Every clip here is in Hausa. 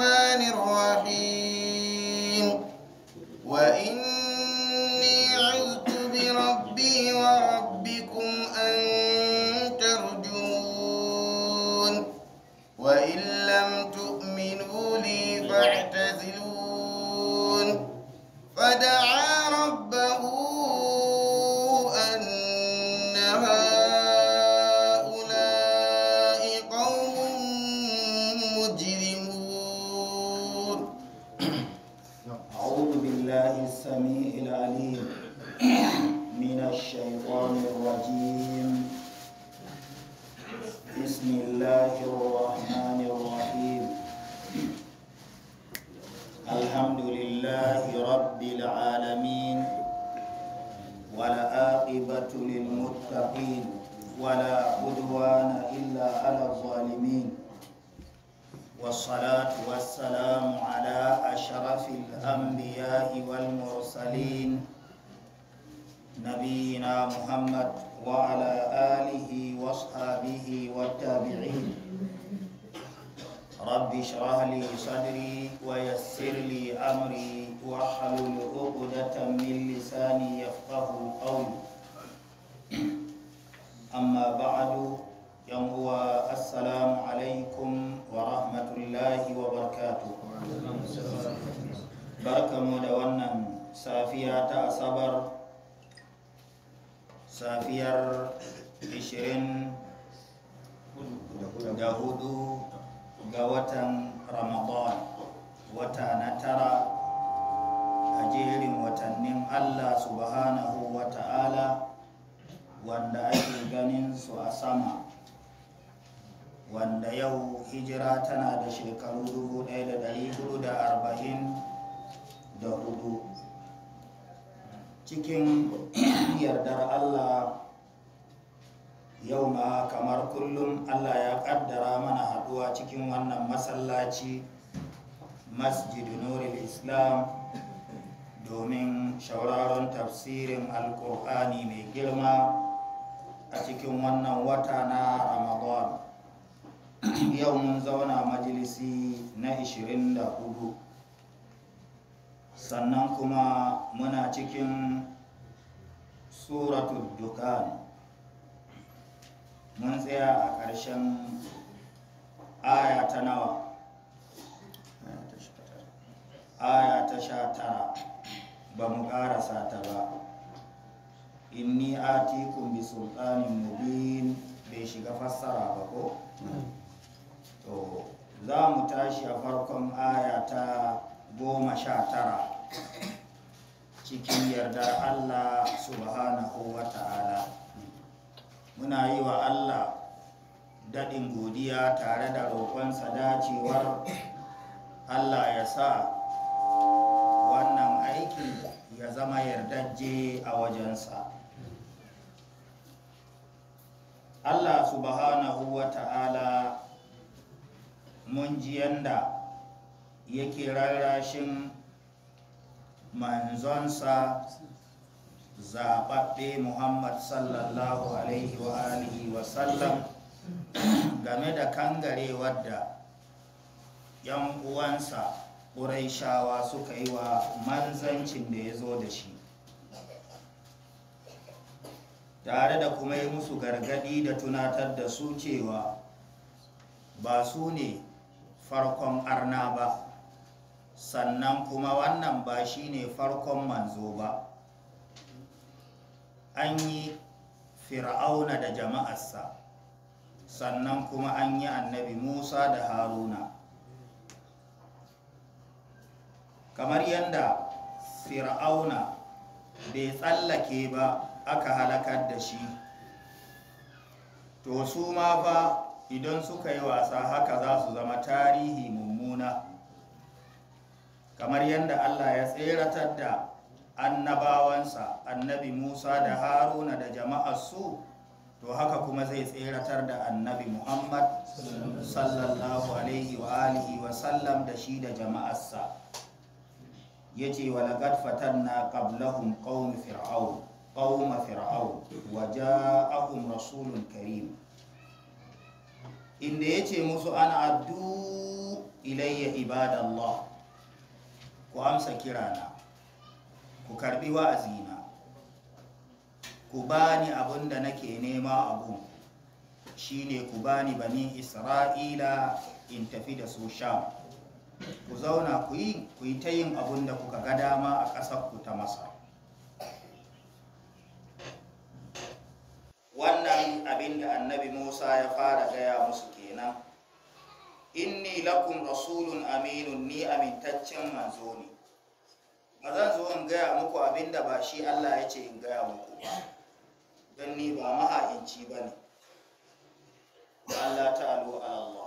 الرحمن الرحيم domin shauraron tafsirin alkur'ani mai girma a cikin wannan wata na ramadan yau mun zauna majalisi na 24 sannan kuma muna cikin suratul dukan mun tsaya a ƙarshen aya nawa aya ta sha tara ba mu ƙarasa ta ba inni atikun bi sultanin mubin bai shiga fassara ba ko to za mu tashi a farkon aya ta goma sha tara cikin yardar allah subhanahu wa ta'ala muna yi wa allah daɗin godiya tare da roƙon dacewar allah ya sa wannan aikin zama yardajje a wajensa Allah subhanahu wa ta'ala mun ji yanda yake rarrashin manzonsa zaɓaɓɓe Muhammad sallallahu alaihi wa alihi wa sallam game da kangarewar da ‘yan uwansa’ ƙuraishawa suka yi wa manzancin da ya zo da shi tare da kuma yi musu gargadi da tunatar da su cewa ba su ne farkon arna ba sannan kuma wannan ba shi ne farkon manzo ba an yi fir'auna da jama'arsa sannan kuma an yi annabi musa da haruna kamar yadda fir'auna bai tsallake ba aka halakar da shi to su ma ba idan suka yi wasa haka za su zama tarihi mummuna kamar yadda allah ya tseratar da annabawansa annabi musa da haruna da jama'arsu to haka kuma zai tseratar da annabi muhammad sallallahu alaihi wa alihi wa sallam da shi da jama'arsa yace wa laqad fatanna qablahum qaum fir'aun qaum fir'aun wa ja'ahum rasulun karim inda yace musu ana addu ilayya ibadallah ku amsa kirana ku karbi wa'azina ku bani abun da nake nema abun shine ku bani bani isra'ila in tafi da su sham ku zauna ku yi ku yi ta yin abun da kuka ga dama a ƙasar ku ta masa wannan abin da annabi musa ya fara gaya musu kenan inni lakum rasulun aminun ni amintaccen manzo ne ba zan zo in gaya muku abin da ba shi allah ya ce in gaya muku ba don ni ba ma'a'inci ba ne allah ta alo allah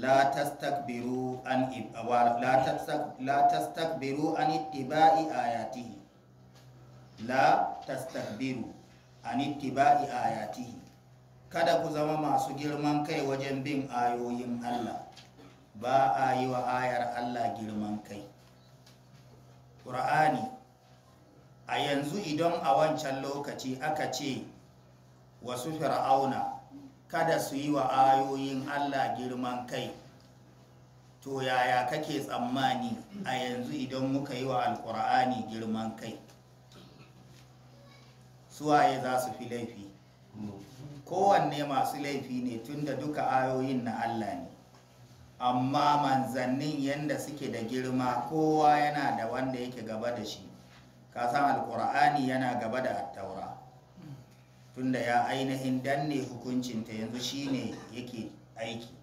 la tastakbiru an la tastakbiru an ittiba'i kada ku zama masu girman kai wajen bin ayoyin Allah ba a yi wa ayar Allah girman kai ƙura'ani a yanzu idan a wancan lokaci aka ce wasu fir'auna kada su yi wa ayoyin Allah girman kai to yaya kake tsammani a yanzu idan muka yi wa alkur'ani girman kai suwaye za su fi laifi kowanne masu laifi ne tunda duka ayoyin na Allah ne amma manzannin yanda suke da girma kowa yana da wanda yake gaba da shi kasan alkur'ani yana gaba da attaura tunda ya ainihin danne hukuncinta yanzu shine yake aiki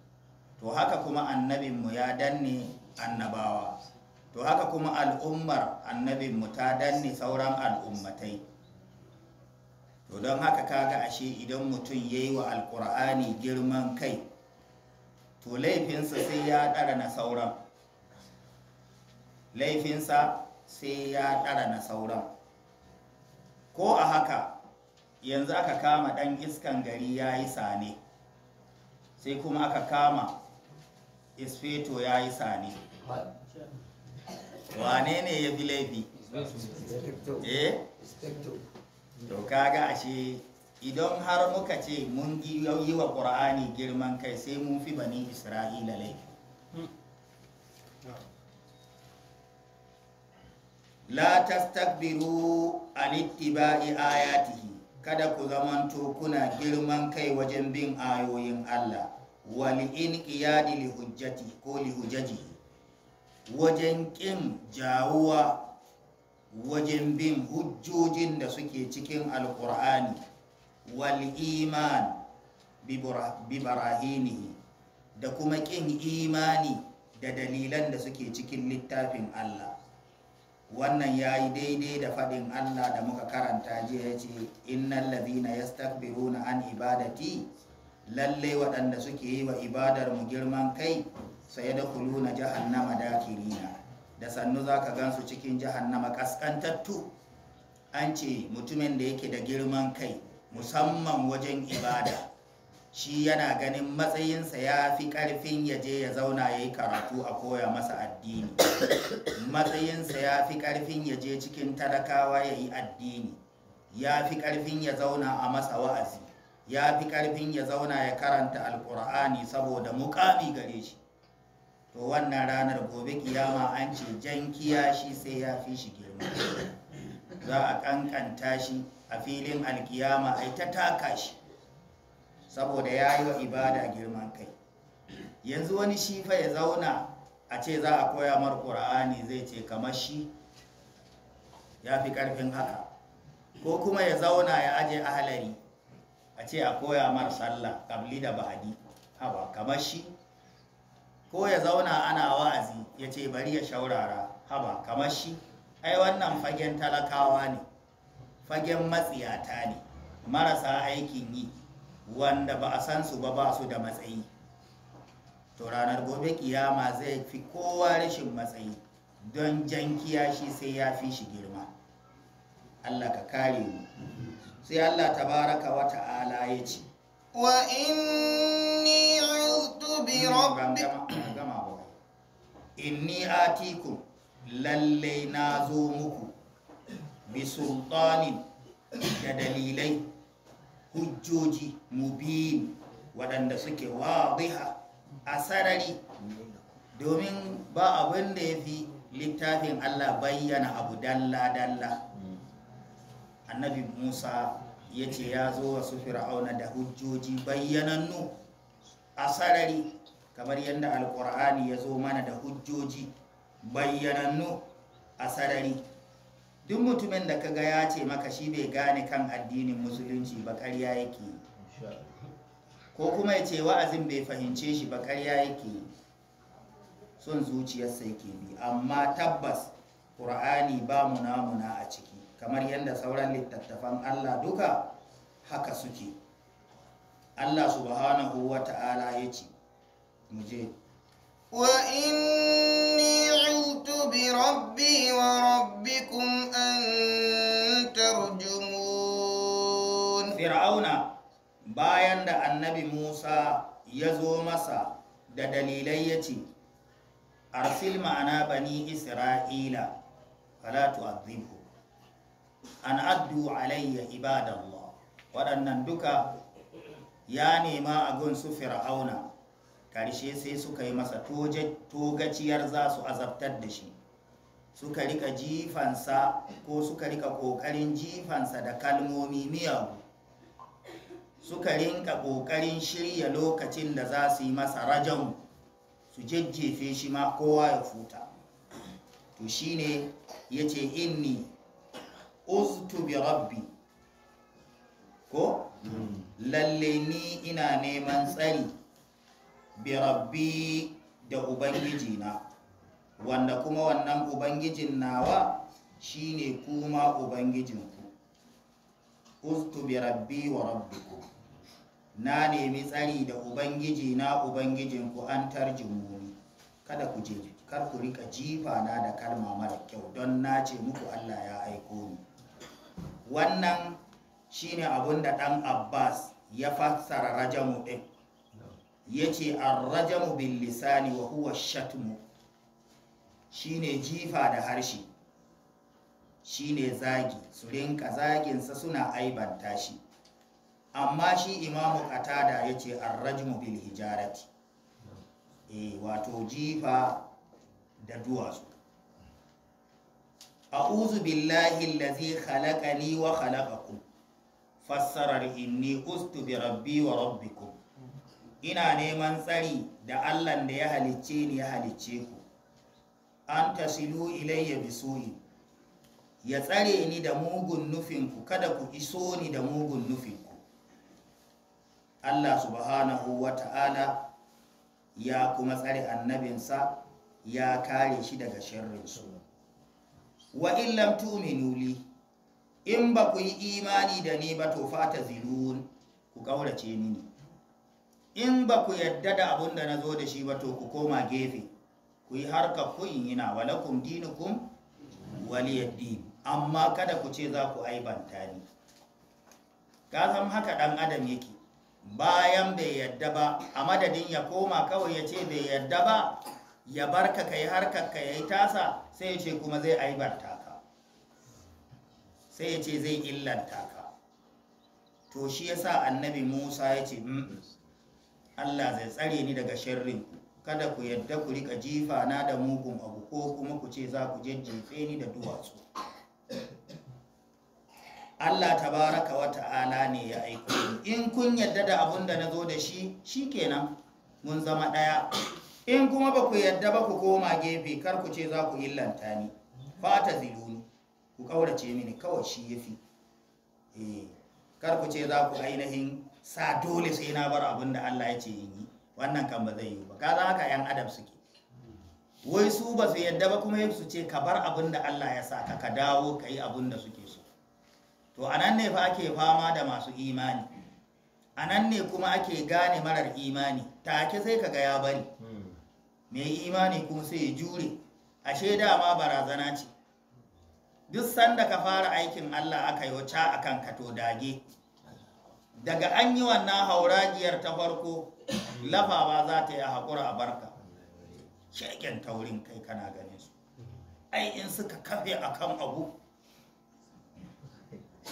to haka kuma annabinmu ya danne annabawa to haka kuma al'ummar annabinmu ta danne sauran al'ummatai to don haka kaga ashe idan mutum ya yi wa alkur'ani girman kai to laifinsa sai ya ɗara na sauran laifinsa sai ya ɗara na sauran ko a haka yanzu aka kama ɗan iskan gari ya yi sane sai kuma aka kama isfeto ya yi sane wane ne ya fi laifi eh to kaga ashe idan har muka ce mun yi wa ƙur'ani girman kai sai mun fi bani isra'ila laifi la tastakbiru an ittiba'i ayatihi kada ku zamanto kuna girman kai wajen bin ayoyin Allah wali in qiyadi li hujjati ko li hujjaji wajen kin jawuwa wajen bin hujjojin da suke cikin alqur'ani wal iman bi barahinihi da kuma ƙin imani da dalilan da suke cikin littafin Allah wannan ya yi daidai da faɗin Allah da muka karanta jiya ya ce innan lazina ya stakbiruna an ibadati lalle waɗanda suke yi wa ibadar mu girman kai sai da kulu jihar jahannama dakirina da sannu za ka gansu cikin jahannama ƙasƙantattu an ce mutumin da yake da girman kai musamman wajen ibada shi yana ganin matsayinsa ya fi ƙarfin ya je ya zauna ya yi karatu a koya masa addini matsayinsa ya fi ƙarfin ya je cikin talakawa ya yi addini ya fi ƙarfin ya zauna a masa wa'azi ya fi ƙarfin ya zauna ya karanta Alkur'ani saboda muƙami gare shi to wannan ranar gobe kiyama an ce jan kiyashi sai ya fi shi girma za a ƙanƙanta shi a filin alkiyama ai ta taka shi saboda ya yi wa ibada girman kai yanzu wani shi fa ya zauna a ce za a koya mar ƙura'ani zai ce kamar shi ya fi ƙarfin haka ko kuma ya zauna ya aje ahalari a ce a koya mar sallah ƙabli da bahadi haba kamar shi ko ya zauna ana wa'azi ya ce bari ya shaurara haba kamar shi ai wannan fagen talakawa ne fagen matsiyata ne marasa aikin yi wanda ba a san su ba ba su da matsayi to ranar gobe kiyama zai fi kowa rashin matsayi don jan kiyashi sai ya fi shi girma Allah ka kare mu sai Allah tabaraka wa ta'ala ya ce wa inni a'udhu bi rabbi inni atiku. Lallai na zo muku bi sultanin da dalilai hujjoji mubin waɗanda suke wadiha a sarari domin ba abin da ya fi littafin Allah bayyana abu dalla-dalla annabi Musa ya ce ya zo wa su fir'auna da hujjoji bayyanannu a sarari kamar yadda alkur'ani ya zo mana da hujjoji bayyanannu a sarari duk mutumin da kaga ya ce maka shi bai gane kan addinin musulunci ba ƙarya yake ko kuma ya ce wa'azin bai fahimce shi ba ƙarya yake son zuciyarsa yake bi amma tabbas ƙur'ani ba munamuna a ciki kamar yadda sauran littattafan allah duka haka suke allah subhanahu wa ta'ala ya ce mu je وإني عذت بربي وربكم أن ترجمون فرعون bayan da annabi Musa ya zo masa da dalilai ya ce arsil ma'ana bani isra'ila fala tu'adhibhu an addu alayya ibadallah waɗannan duka ya nema a gun su fir'auna karshe sai suka yi masa togaciyar za su azabtar da shi suka rika jifansa ko suka rika ƙoƙarin jifansa da kalmomi miyau suka rinka ƙoƙarin shirya lokacin da za su yi masa rajon su jejjefe shi ma kowa ya futa to ne ya ce inni uztu bi rabbi ko hmm. lalle ni ina neman tsari bi rabbi da ubangijina, na wanda kuma wannan ubangijin nawa shine kuma ubangijinku ustu bi rabbi wa rabbiku na nemi tsari da ubangiji na ubangijinku an tarjumuni kada ku je kar ku rika jifa na da kalma mara kyau don na ce muku Allah ya aiko ni wannan shine abun da dan Abbas ya fassara rajamu din yace ar-rajamu bil lisani wa huwa shatmu shine jifa da harshe shine zagi su rinka zaginsa suna aibanta shi amma shi imamu qatada yace ar-rajmu bil hijarati E, eh, wato jifa da duwatsu a'udhu billahi allazi khalaqani wa khalaqakum fassarar inni ustu bi rabbi wa rabbikum ina neman tsari da allan da ya halicce ni ya halicce ku an tasilu ilayya bisoyi ya tsare ni da mugun nufinku kada ku iso ni da mugun nufinku allah subhanahu wa ta'ala ya kuma tsare annabinsa ya kare shi daga shirinsu. wa illam tuminu nuli in ba ku yi imani da ni ba to fata zilun ku kaurace ne. in ba ku yadda da abun da na zo da shi ba to ku koma gefe ku yi harkar ku in yana walakum dinukum waliyaddi amma kada ku ce za ku aibanta ni ka san haka dan adam yake bayan bai yadda ba a madadin ya koma kawai ya ce bai yadda ba ya barka ka yi harkar ka yayi tasa sai ya ce kuma zai aibanta ka sai ya ce zai illanta ka to shi yasa annabi Musa ya ce Allah zai tsare ni daga sharrin ku kada ku yadda ku rika jifa na da mugun abu ko kuma ku ce za ku jeje ni da duwatsu Allah tabaraka wa ta'ala ne ya aiko in kun yadda da abun da na zo da shi shikenan mun zama ɗaya in kuma ba ku yadda ba ku koma gefe kar ku ce za ku illanta ni fata ziluni ku kaurace mini kawai shi yafi fi. Eh, kar ku ce za ku ainihin sa dole sai na bar abin da Allah ya ce yi wannan kan ba zai yi ba ka ka yan adam suke wai su ba su yadda ba kuma su ce ka bar abin da Allah ya sa ka ka dawo ka yi abin da suke so to anan ne fa ake fama da masu imani anan ne kuma ake gane marar imani take sai ka ga ya bari mai imani kuma sai ya jure ashe dama barazana ce duk sanda ka fara aikin Allah aka yi wuce akan ka to dage daga an yi wannan hauragiyar ta farko lafawa za ta yi haƙura a barka shegen taurin kai kana ganin su ai in suka kafe a kan abu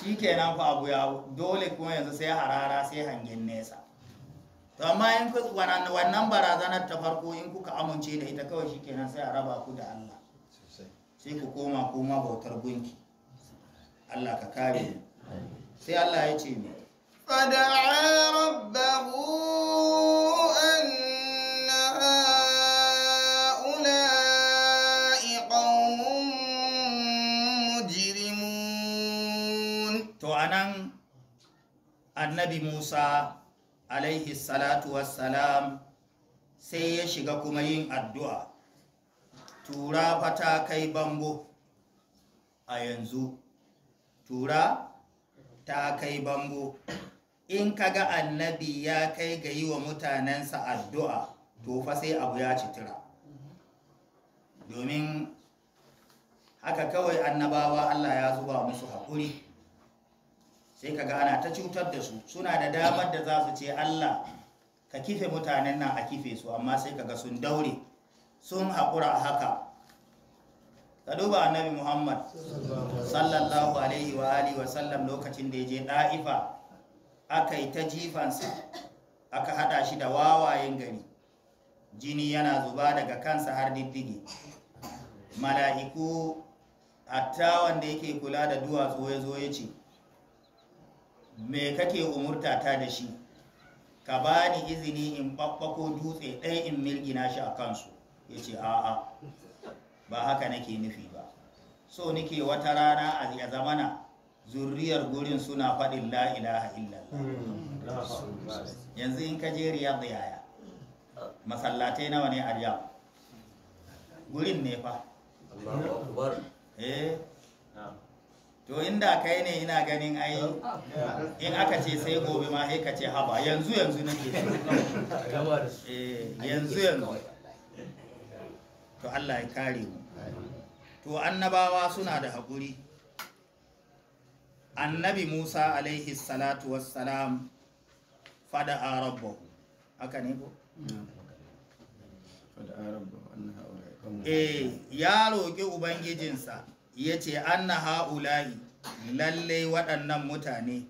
shi ke fa abu ya dole kuma yanzu sai harara sai hangen nesa to amma in wannan barazanar ta farko in kuka amince da ita kawai shi kenan sai a raba ku da Allah sai ku koma koma bautar gunki Allah ka kare sai Allah ya ce ne فدعا ربه أن هؤلاء قوم مجرمون النبي موسى عليه الصلاة والسلام sai ya shiga kuma yin addu'a tura fata kai bango a yanzu tura ta kai bango in kaga annabi ya kai ga yi wa mutanensa addu'a to fa sai abu ya citira domin haka kawai annabawa Allah ya zuba musu haƙuri sai ka ga ana ta cutar da su suna da damar da za su ce Allah ka kife mutanen nan a kife su amma sai ka ga sun daure sun haƙura a haka ka duba annabi muhammad sallallahu alaihi wa alihi wa sallam lokacin da ya je ɗa'ifa aka yi ta jifansa aka hada shi da wawayen gari jini yana zuba daga kansa har diddigi. mala'iku hatta wanda yake kula da duwatsu ya zo ya ce me kake umurta ta da shi ka ba ni izini in babbako dutse ɗaya in milgina shi a kansu ya ce a'a ba haka nake nufi ba so nake wata rana a zamana zurriyar gurin suna faɗin la ilaha illallah yanzu in ka je riyadu yaya masallatai nawa ne a riyar gurin ne fa eh? to inda kai ne ina ganin ai in aka ce sai gobe ma sai ka ce haba yanzu yanzu na ke eh, yanzu yanzu to Allah ya kare mu to annabawa suna da haƙuri annabi musa alaihi salatu wassalam fada a rabbahu haka ne ko? eh ya roƙi ubangijinsa ya ce an na ha'ula'i lallai waɗannan mutane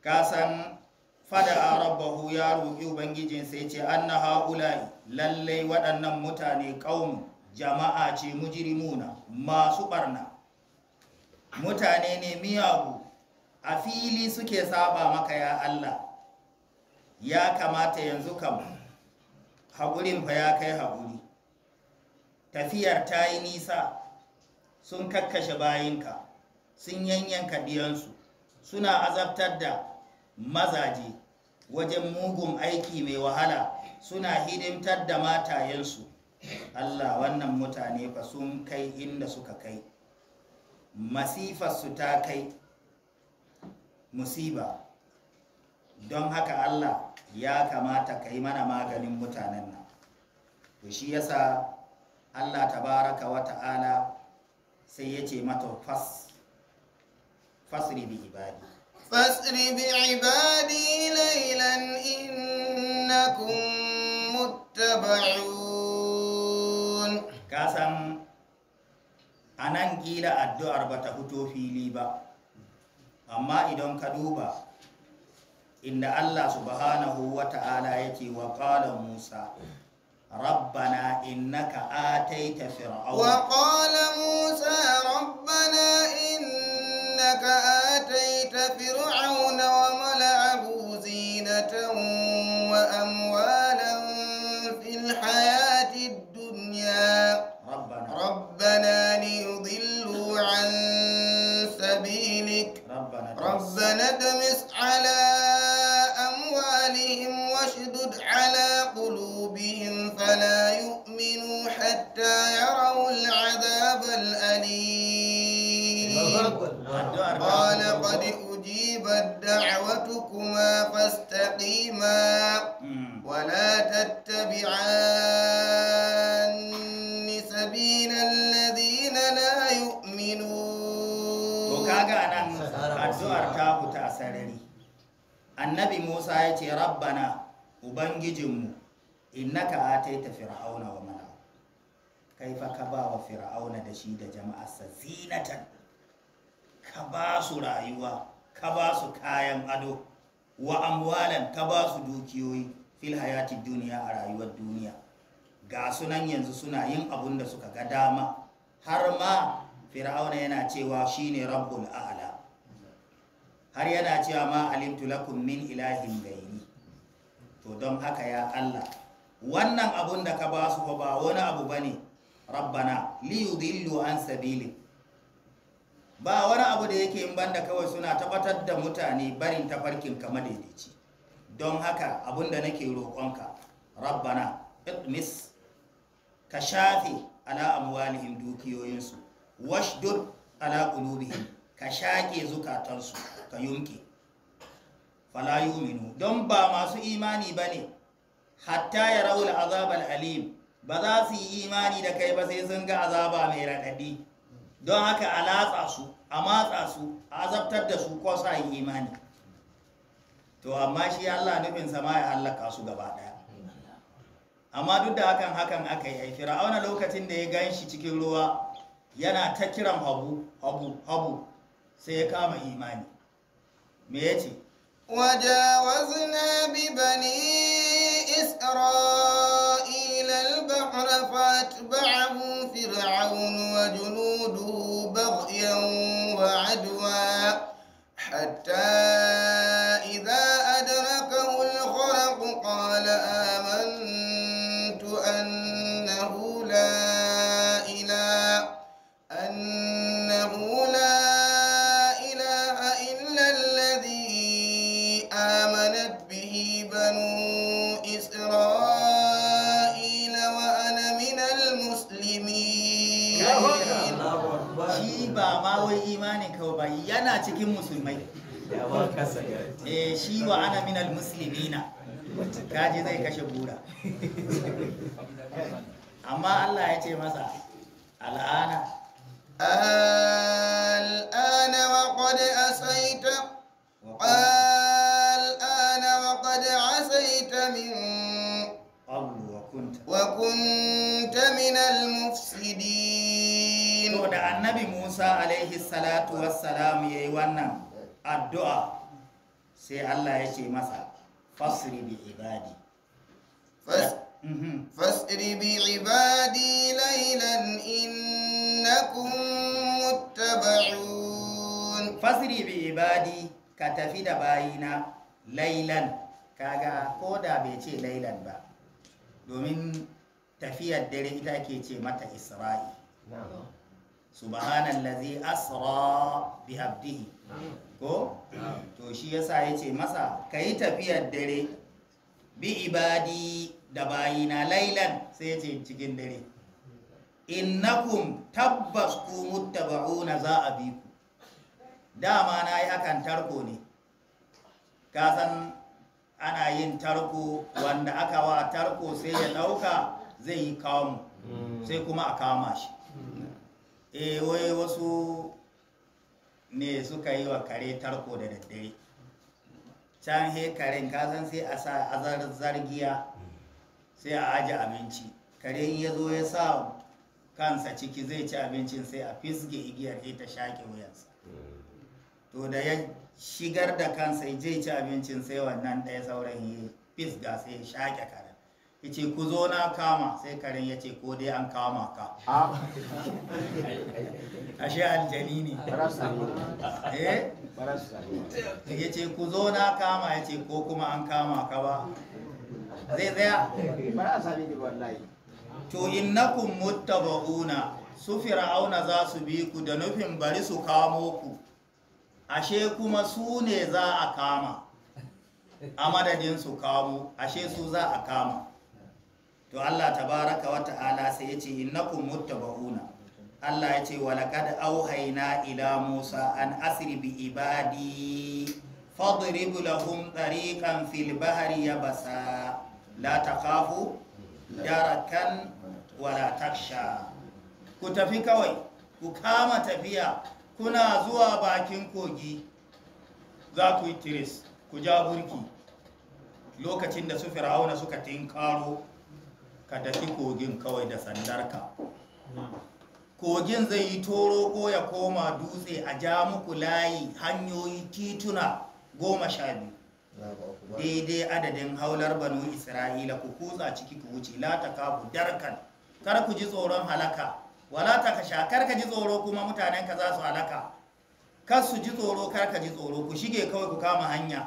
kasan fada a rabbahu ya roƙi ubangijinsa ya ce an na lallai waɗannan mutane ƙaun jama'a ce mujirimuna masu ɓarna mutane ne miyagu a fili suke saba maka ya Allah ya kamata yanzu kam haƙurin fa ya kai haƙuri tafiyar ta yi nisa sun kakkashe bayinka sun yanyanka diyansu suna azabtar da mazaje wajen mugun aiki mai wahala suna hidimtar da matayensu Allah wannan mutane fa sun kai inda suka kai masifarsu ta kai musiba don haka Allah ya kamata ka yi mana maganin mutanen nan to shi yasa Allah ta baraka wa ta'ala sai ya ce mata fas fasri bi ibadi فاسر بعبادي ليلا إنكم متبعون كاسم أنا نجيل أدو أربعة هتو في ليبا أما إدون كدوبا inda Allah subhanahu wa ta'ala yake wa qala Musa rabbana innaka ataita fir'auna wa qala Musa rabbana innaka فرعون وملعه زينة وأموالا في الحياة الدنيا ربنا, ربنا ليضلوا عن سبيلك ربنا, ادمس على أموالهم واشدد على قلوبهم فلا يؤمنوا حتى يروا العذاب الأليم قال قد أجيبت دعوتكما فاستقيما ولا تتبعان سبيل الذين لا يؤمنون وكاغا نان ta sarari annabi Musa ya ce rabbana ubangijinmu innaka ataita fir'auna wa mana Kaifa ka ba wa fir'auna da shi da jama'arsa zinatan ka ba su rayuwa ka ba su kayan ado wa amwalan ka ba su dukiyoyi fil hayati duniya a rayuwar duniya ga sunan yanzu suna yin abun da suka ga dama har ma fir'auna yana cewa shine rabbul a'la har yana cewa ma alimtu lakum min ilahin gairi to don haka ya Allah wannan abun da ka ba su ba wani abu bane rabbana li yudillu an sabilik ba wani abu da yake in banda kawai suna tabbatar da mutane barin tafarkin ka madaidaici don haka abun da nake roƙonka rabbana itmis ka shafe ala amwalihim dukiyoyinsu washdur ala qulubihim ka shaƙe zukatansu ka yunke fala yuminu don ba masu imani bane hatta ya yarawul azabal alim ba za su yi imani da kai ba sai sun ga azaba mai raɗaɗi don haka a latsa su a matsa su a azabtar da su kwasa a yi imani to amma shi Allah nufin sama ya hallaka su gaba daya amma duk da hakan hakan aka yi wani lokacin da ya gan shi cikin ruwa yana ta kiran habu habu habu sai ya kama imani me yace wajawazna bi bani البحر فأتبعه فرعون وجنوده بغيا وعدوا حتى ba yana cikin musulmai eh shi wa ana minal muslimina kaji zai kashe bura amma Allah ya ce masa al'ana al'ana wa qad asaita al'ana wa qad asaita min wa kunta wa min al-mufsidin da annabi mu musa alaihi salatu wassalam ya yi wannan addu'a sai allah ya ce masa fasri bi ibadi mm-hmm. fasri bi ibadi lailan innakum muttaba'un fasri bi ibadi ka tafi da bayina lailan kaga ko da bai ce lailan ba domin tafiyar dare ita ke ce mata isra'i subhanallazi asra bi abdihi ko to shi yasa yace masa kai tafiyar dare bi ibadi da bayina lailan sai yace cikin dare innakum tabbas ku muttaba'una za a bi ku dama na yi akan tarko ne ka san ana yin tarko wanda aka wa tarko sai ya ɗauka, zai yi kawo sai kuma a kama shi e wai wasu ne suka yi wa kare tarko da daddare can he karen kasan sai a sa azar zargiya sai a aji abinci kare ya zo ya sa kansa ciki zai ci abincin sai a fisge igiyar he ta shaƙe wuyansa to da ya shigar da kansa zai ci abincin sai wannan ɗaya sauran yi fisga sai ya shaƙe kare ce ku zo na kama sai karin ya ce ko dai an kama ka ashe aljani ne eh? ya ce ku zo na kama ya ce ko kuma an kama ka ba zai tsaya ba a sami ni wallahi to innakum muttaba'una su fir'auna za su bi ku da nufin bari su kamo ku ashe kuma su ne za a kama a madadin su kamo ashe su za a kama to Allah ta baraka wata ala sai ya ce innakum muttaba'una Allah ya ce walaqad auhaina ila Musa an asri bi ibadi fadrib lahum tariqan fil bahri yabasa la takhafu darakan wala taksha ku tafi kawai ku kama tafiya kuna zuwa bakin kogi za ku yi tiris ku ja burki lokacin da su fir'auna suka tinkaro ka tafi kogin kawai da sandarka kogin zai yi toro ko ya koma dutse a ja muku layi hanyoyi tituna goma sha biyu daidai adadin haular banu isra'ila ku kutsa ciki ku wuce lata ka kafu darkan kar ku ji tsoron halaka wala ta kar ka ji tsoro kuma mutanen ka za su halaka kar su ji tsoro kar ka ji tsoro ku shige kawai ku kama hanya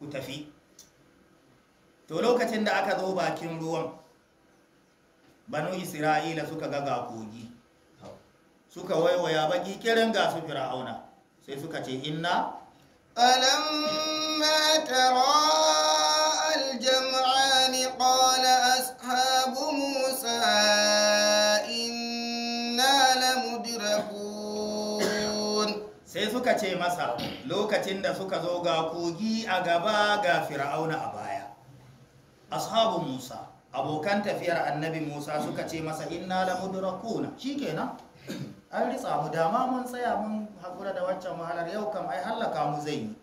ku tafi to lokacin da aka zo bakin ruwan banu isra'ila suka ga ga kogi suka waiwaya baki kirin ga su fir'auna sai suka ce inna alamma tara aljam'an qala ashabu musa inna lamudrakun sai suka ce masa lokacin da suka zo ga kogi a gaba ga fir'auna a baya ashabu musa abokan tafiyar annabi musa suka ce masa inna Shi shi nan. an ritsa mu dama mun tsaya mun haƙura da waccan wahalar yau kam ai hallaka mu zai yi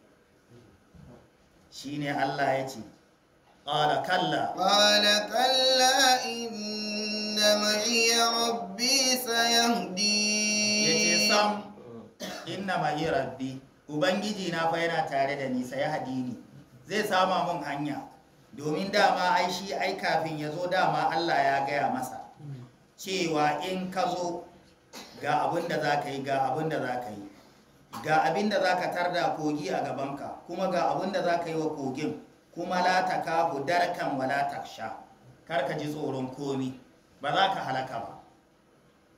Shi ne Allah ya ce Ƙalaƙalla. Ƙalaƙalla inda mai kalla rabbi sayan di Ya yace sam inna ma'i rabbi ubangiji na fa yana tare da ni haɗi ni zai sama mun hanya domin dama ai shi ai kafin ya zo dama Allah ya gaya masa cewa in ka zo ga abin da za ka yi ga abin da za ka yi ga abin da za ka tarda kogi a gabanka kuma ga abin da za ka yi wa kogin kuma la ta ka darkan wala taksha kar ka ji tsoron komi ba za ka halaka ba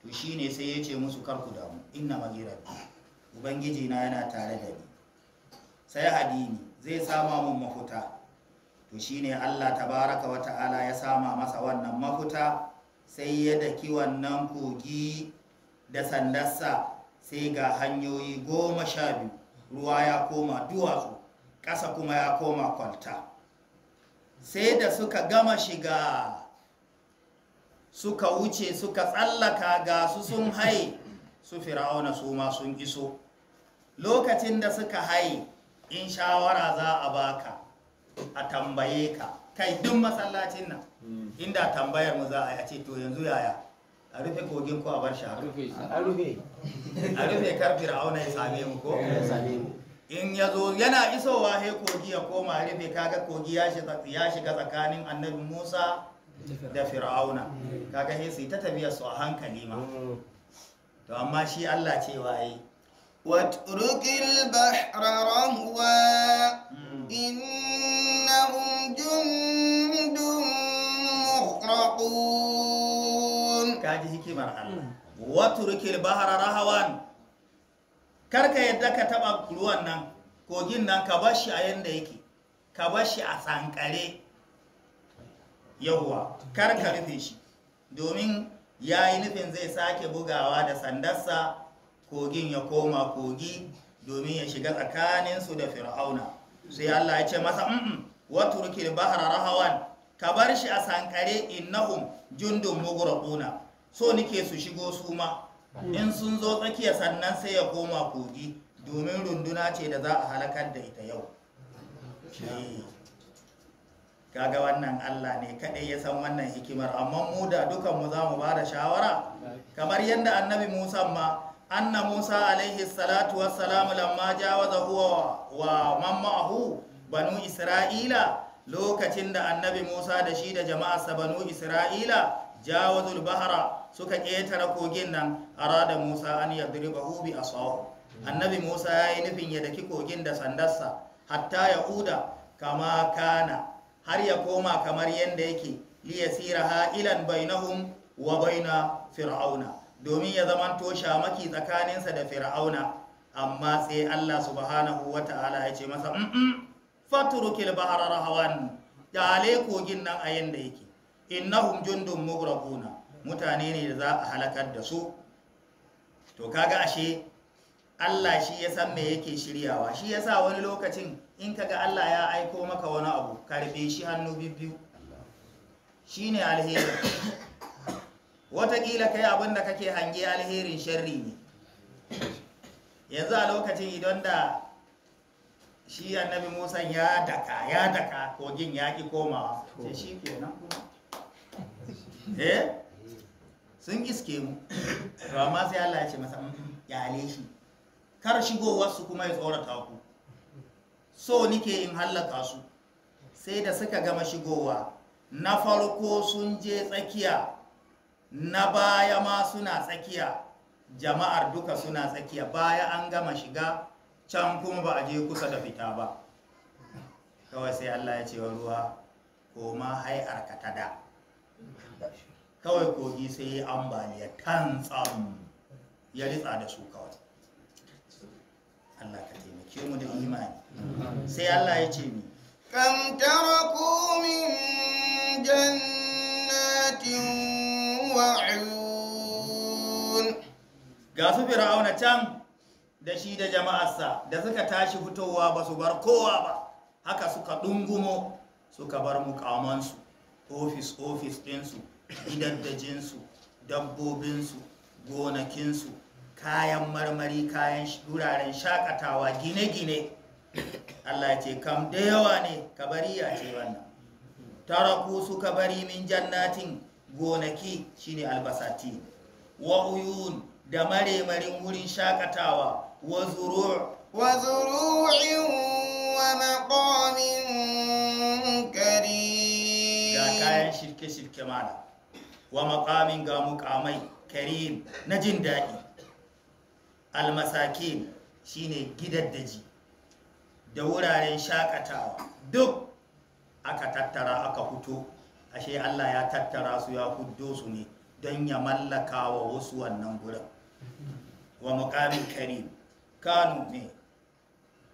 to shi ne sai ya ce musu ku damu inna magirar ubangiji na yana tare da ni sai hadini zai sama mun mafuta to shine Allah ta baraka wa ta'ala ya sama masa wannan mafuta sai ya daki wannan kogi da sandarsa sai ga hanyoyi goma sha biyu ruwa ya koma duwatsu ƙasa kuma ya koma kwalta sai da suka gama shiga suka wuce suka tsallaka ga su sun haye su fir'auna su ma sun iso lokacin da suka haye in shawara za a baka a tambaye ka kai duk masallacin nan hmm. inda tambayar mu za a to yanzu yaya a rufe kogin ko a bar shi a rufe a rufe kar fir'auna ya same mu ko ya same mu in ya zo yana isowa he kogi ya koma a rufe kaga kogi ya shiga tsakanin annabi musa da fir'auna hmm. kaga he sai ta tafiya su a hankali ma hmm. to amma shi allah cewa yi واترك البحر رهوا إنهم جند مغرقون كاجي هكبر الله واترك البحر رهوا karka yadda ka taba ruwan nan kogin nan ka bar shi a yanda yake ka shi a tsankare yauwa ka rufe shi domin ya yi nufin zai sake bugawa da sandarsa kogin ya koma kogi domin ya shiga tsakaninsu da fir'auna sai Allah ya ce masa mm wato bahar rahawan ka bar shi a sankare innahum jundun mugrabuna so nike su shigo su ma in sun zo tsakiya sannan sai ya koma kogi domin runduna ce da za a halakar da ita yau eh. kaga wannan Allah ne kadai ya san wannan hikimar amma mu da dukan mu za mu ba shawara kamar yadda annabi Musa ma anna musa alaihi salatu wassalamu lamma jawaza huwa wa man banu isra'ila lokacin da annabi musa da shi da jama'arsa banu isra'ila jawazul bahra suka ƙetare kogin nan arada musa an yadribahu bi asahu annabi musa yayi nufin ya daki kogin da sandarsa hatta ya uda kama kana har ya koma kamar yadda yake liyasira ha'ilan bainahum wa baina fir'auna domin ya zamanto shamaki tsakaninsa da fir'auna amma sai Allah subhanahu wa ta'ala ya ce masa faturukil bahara rahawan dale kogin nan a yanda yake innahum jundun mughraquna mutane ne da za a halakar da su to kaga ashe Allah shi ya san me yake shiryawa shi yasa wani lokacin in kaga Allah ya aiko maka wani abu karbe shi hannu bibbiyu shine alheri watakila kai abin da kake hange alherin sharri ne yanzu a lokacin idan da shi annabi musa ya daka ya daka kogin ya komawa sai shi kenan eh sun iske mu amma sai Allah ya ce masa mm, mm, ya kar shigowar kuma ya tsorata ku so nike in hallaka su sai da suka gama shigowa na farko sun je tsakiya na baya ma suna tsakiya jama'ar duka suna tsakiya baya an gama shiga can kuma ba a je kusa da fita ba kawai sai Allah ya ce wa ruwa ma hai'ar ka ta da kawai kogi sai ambaliya kan tsamu ya ritsa da su kawai Allah ka taimake mu da imani sai Allah ya ce mi kam taraku min jannatin yarfa'un ga su fir'auna can da shi da jama'arsa da suka tashi fitowa ba su bar kowa ba haka suka dungumo suka bar mukamansu ofis-ofis ɗinsu gidaddajinsu dabbobinsu gonakinsu kayan marmari kayan wuraren shakatawa gine-gine Allah ce kam da yawa ne kabariya ce wannan taraku su kabari min jannatin gonaki shine albasati wa uyun da maremarin wurin shakatawa wa zuru' wa zuru'in wa maqamin kayan shirke-shirke mana wa maqamin ga mukamai karim na jin daɗi almasakin shine gidan daji, da wuraren shakatawa duk aka tattara aka fito ashe Allah ya tattara su ya huddo su ne don ya mallaka wa wasu wannan gurin wa muƙamin karim kanu ne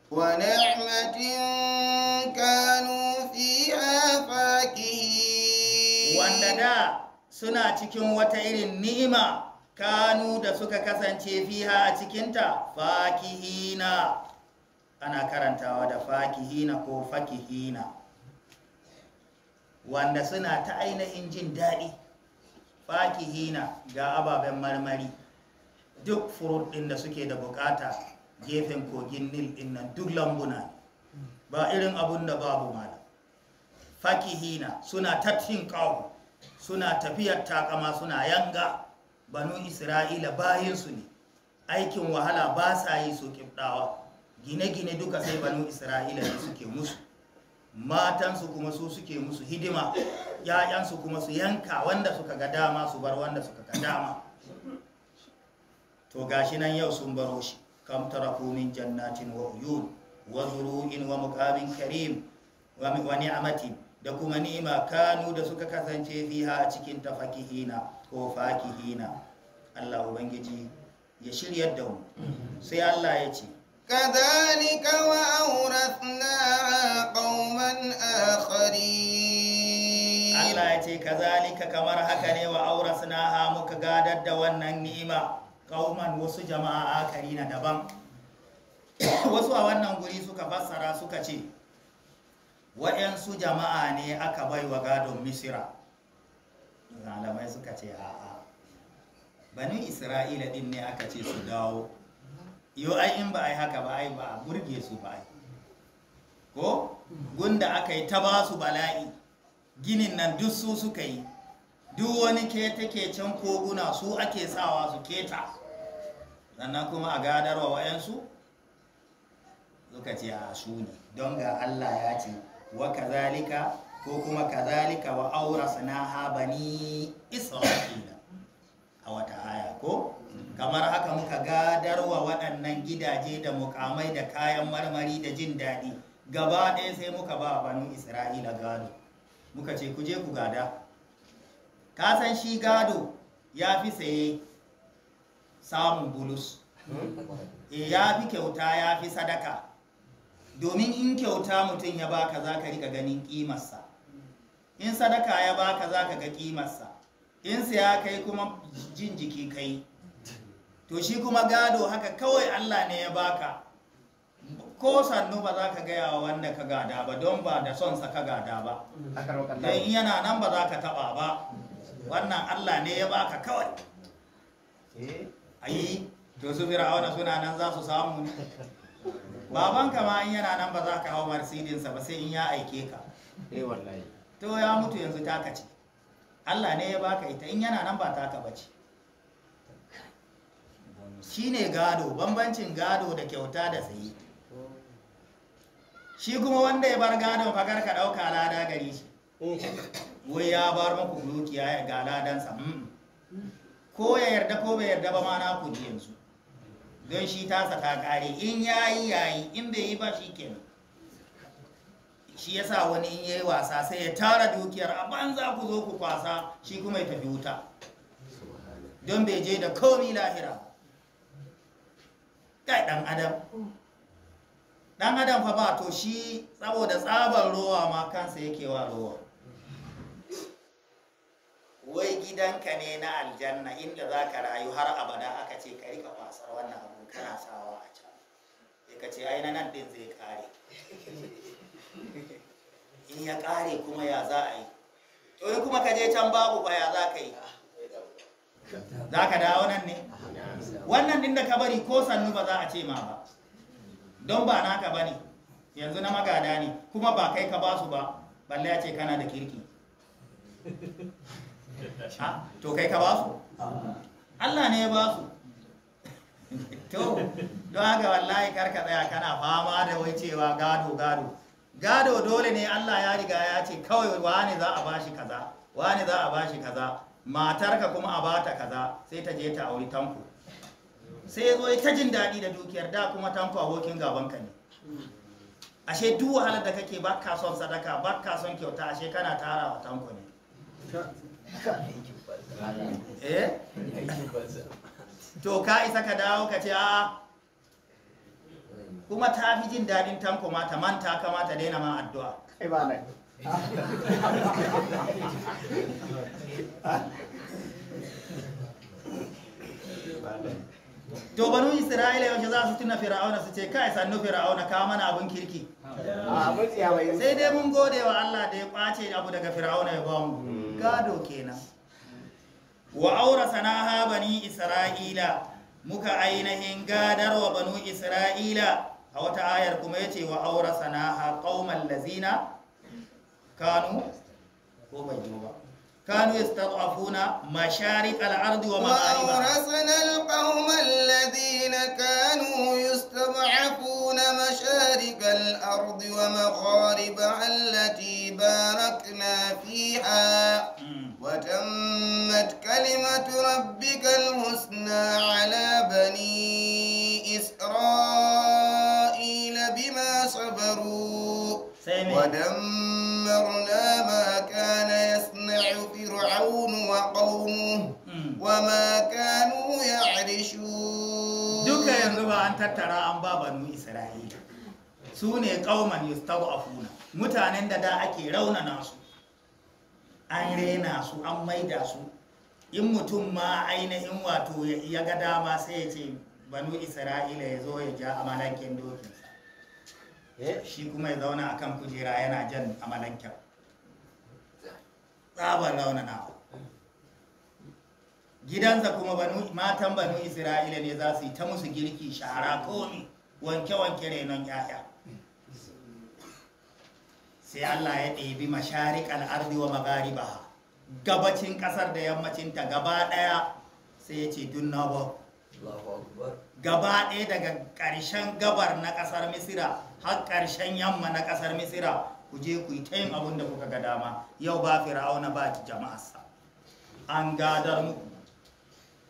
wa ni'matin kanu fiha fakihin wanda da suna cikin wata irin ni'ima kanu da suka kasance fiha a cikinta fakihina ana karantawa da fakihina ko fakihina wanda suna ta ainihin jin daɗi fakihina ga ababen marmari duk furut ɗin da suke da bukata gefen kogin nil ɗin duk lambuna ba irin abun da babu malam fakihina suna tattin ƙawo suna tafiyar takama suna yanga banu isra'ila bayinsu ne aikin wahala ba sa yi su kifɗawa gine-gine duka sai banu isra'ila ne suke musu matansu kuma su suke musu hidima ‘ya'yansu kuma su yanka wanda suka ga dama su bar wanda suka ga dama to gashi nan yau sun baro shi kam taraku min jannatin wa uyun wa zuru'in wa muqamin karim wa ni'amati da kuma ni'ima kanu da suka kasance fiha a cikin tafakihina ko fakihina Allah ubangiji ya shiryar da mu sai Allah ya ce كذلك وأورثناها قوما آخرين الله يتي كذلك كمر هكذا وأورثناها مكغادة دوانا النعمة قوما وسو جماعة آخرين دبان wasu a wannan guri suka fassara suka ce waɗansu jama'a ne aka bai wa gadon misira Zalamai suka ce a'a banin isra'ila ɗin ne aka ce su dawo yo ai in ba ai haka ba ai ba burge su ba ko gunda akai ta ba su bala'i ginin nan duk su suka yi duk wani keta can koguna su ake sawa su keta sannan kuma a gadarwa wayansu suka ce a su ne don ga Allah ya ce wa kazalika ko kuma kazalika wa aurasna bani isra'ila a wata haya ko kamar haka muka gadarwa waɗannan gidaje da mukamai da kayan marmari da jin daɗi gaba ɗaya sai muka ba banu isra'ila gado muka ce ku je ku gada ka san shi gado ya fi saye samun bulus e ya fi kyauta ya fi sadaka domin in kyauta mutum ya baka za ka riga ganin ƙimarsa in sadaka ya baka za ka ga ƙimarsa in siya kai kuma jin jiki kai to shi kuma gado haka kawai Allah ne ya baka ko sannu ba za ka gaya wa wanda ka gada ba don ba da son sa ka gada ba don yana nan ba za ka taba ba wannan Allah ne ya baka kawai eh? ayi to su fir'auna suna nan za su samu ne baban ka ma in yana nan ba za ka hau mercedes ba sai in ya aike ka eh, to ya mutu yanzu taka ce Allah ne ya baka ita in yana nan ba taka bace Shi ne gado bambancin gado da kyauta da tsaye shi kuma wanda ya bar gadon fagar ka ɗauka lada gari shi wai ya bar maku dukiya ga ladansa mm. ko ya yarda ko bai yarda ba ma na ku yanzu don shi ta sata kare in yayi yayi in bai yi ba shi nan. shi ya sa wani in yayi wasa sai ya tara dukiyar a banza ku zo ku kwasa shi kuma ya tafi wuta don bai je da komi lahira ba kai dan adam dan adam fa ba to shi saboda tsaban rowa ma kansa yake wa rowa wai gidanka ne na aljanna inda zaka rayu har abada aka ce ka rika wannan abu kana sawa a can sai ka ce ai na nan din zai kare in ya kare kuma ya za a yi to kuma ka je can babu ba ya za ka yi za ka dawo nan ne wannan din da ka bari ko sannu ba za a ce ma ba don ba naka ba ne yanzu na magada ne kuma ba kai ka basu ba balle ya ce kana da kirki to kai ka basu Allah ne ya basu to don haka wallahi karka tsaya kana fama da wai cewa gado gado gado dole ne Allah ya riga ya ce kawai wane za a bashi kaza wane za a bashi kaza matarka kuma a bata kaza sai ta je ta auri tanko sai zo ta jin daɗi da dukiyar da kuma tanko abokin gabanka ne ashe duk wahalar da kake ba ka son sadaka ba ka son kyauta ashe kana tara wa tanko ne eh to ka isa ka dawo ka ce a kuma ta fi jin daɗin tanko ma ta manta kamata daina ma addu'a to banu isra'ila yaushe za su tuna fir'auna su ce kai sannu fir'auna ka mana abin kirki sai dai mun gode wa Allah da ya kwace abu daga fir'auna ya bamu hmm. gado kenan wa aura sanaha bani isra'ila muka ainihin wa banu isra'ila a wata ayar kuma yace wa aura sanaha qauman lazina كانوا هم كانوا يستضعفون مشارق الأرض ومغاربها وأورثنا القوم الذين كانوا يستضعفون مشارق الأرض ومغاربها التي باركنا فيها وتمت كلمة ربك الحسنى على بني إسرائيل بما صبروا ودمرنا ما كان يصنع فرعون وقومه hmm. وما كانوا يعرشون دوكا ينزبا أن تترى أن بابا إسرائيل سوني قوما يستضعفون mutanen da da ake raunana su an rena su an maida su in mutum ma ainihin wato ya ga dama sai yace ce banu isra'ila ya zo ya ja a malakin dokinsa Eh? shi kuma ya zauna a kan kujera yana jan amalankyar tsabar raunanawa gidansa kuma matan banu isra'ila ne za su yi ta musu girki shahara komi wanke-wanke renon yaya sai allah ya ɗebi masharik al'ardi wa magariba gabacin ƙasar da yammacinta gaba ɗaya sai ya ce dunna gaba ɗaya daga ƙarshen gabar na ƙasar misira har ƙarshen yamma na ƙasar misira ku je ku yi ta yin abin da kuka ga dama yau ba fir'auna ba jama'arsa an gadar mu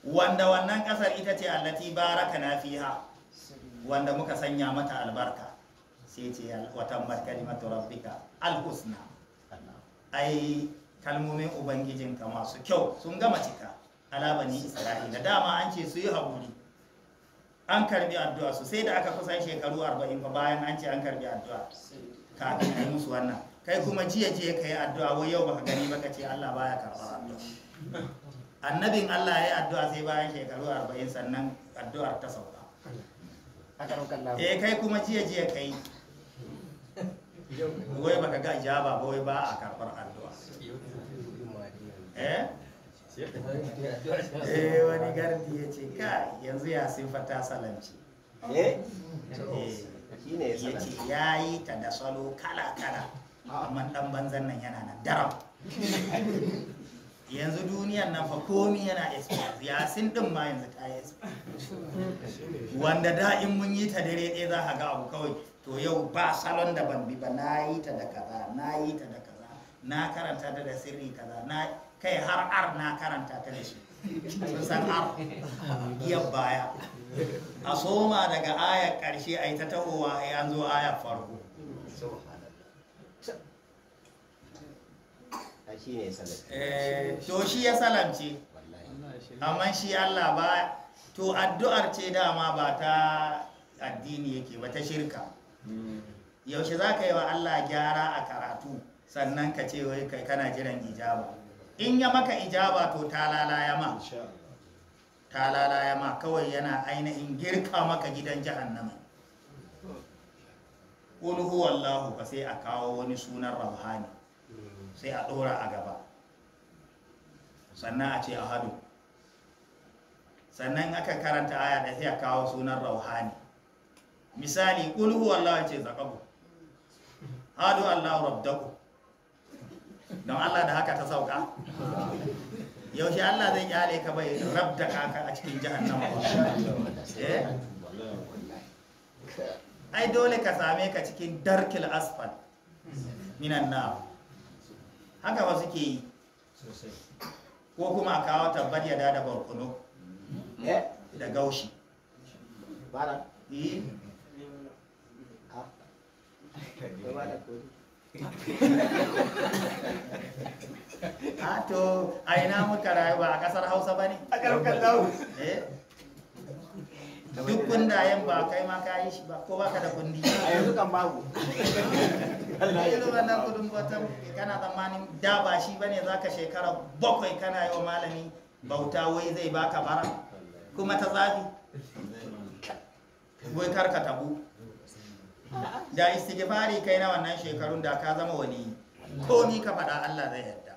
wanda wannan ƙasar ita ce allati baraka na fiha wanda muka sanya mata albarka sai ce watan mata rabbika alhusna ai kalmomin ubangijinka masu kyau sun gama cika alabani isra'ila dama an ce su yi haƙuri an karbi addu'a su sai da aka kusan shekaru 40 ba bayan an ce an karbi addu'a Ka ka yi musu wannan kai kuma jiya je ka yi addu'a wai yau baka gani baka ce Allah baya karɓar addu'a annabin Allah ya yi addu'a sai bayan shekaru 40 sannan addu'ar ta sauka eh kai kuma jiya jiya kai wai baka ga ijaba ba wai ba a karɓar addu'a eh eh wani gardi ya ce yanzu ya sifa ta salamci eh? eh. ya ce ya yi ta da salo kala kala amma dan banzan nan yana nan daram yanzu duniyan nan fa komi yana experience yasin ɗin ma yanzu ta yi wanda da in mun yi ta dare ɗaya za a ga abu kawai to yau ba salon da ban bi ba na yi ta da kaza na yi ta da kaza na karanta ta da sirri kaza na kai har ar na karanta ta da shi sun san ar iya baya a soma daga ayar ƙarshe a yi ta tahowa yan zo ayar farko eh, to shi ya salamce amma shi Allah ba to addu'ar ce dama ba ta addini yake ba ta shirka yaushe za ka yi wa Allah gyara a karatu sannan ka ce wai kai kana jiran ijaba in ya maka ijaba to talala ya ma talala ya ma kawai yana ainihin girka maka gidan jahannama qul huwallahu ba sai a kawo wani sunan rabhani sai a dora a gaba sannan a ce a hadu. sannan aka karanta aya da sai a kawo sunan rauhani misali qul huwallahu ce zaƙabu hadu allahu rabdaku. don Allah da haka ta sauka yaushe Allah zai kyale ka bai rabta kaka a cikin jahannama eh ai dole ka same ka cikin darkil asfal minan na haka ba suke yi ko kuma a kawo tabbar ya da barkono eh? da gaushi yi a ah, to a ina muka rayu ba a kasar hausa ba ne a karkar lau eh? duk kundayen ba kai ma ka yi shi ba ko ba ka da kundi a yanzu kan babu yanzu ban nan kudin bautan kana tsammanin da ba shi ba ne za ka shekara bakwai kana yi wa malami bauta wai zai baka bara kuma ta zafi wai karka tabu da istighfari kai na wannan shekarun da ka zama ko komi ka faɗa Allah zai yarda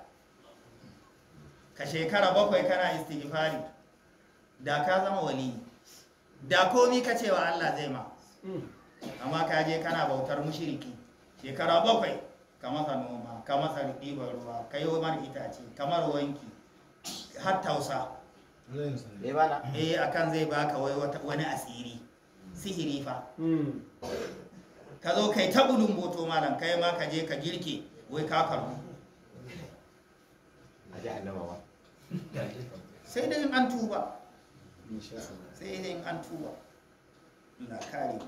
ka shekara bakwai kana istighfari da ka zama wani, da komi ka cewa Allah zai ma amma ka je kana bautar mushiriki shekara bakwai ka masa noma ka masa ɗiban ruwa ka yi mar itace kamar wanki har tausa eh akan zai baka wani asiri sihiri fa hmm. ka zo kai ta gudun boto malam kai ma ka je ka girke wai ka karbu sai dai an tuba sai dai an tuba na kare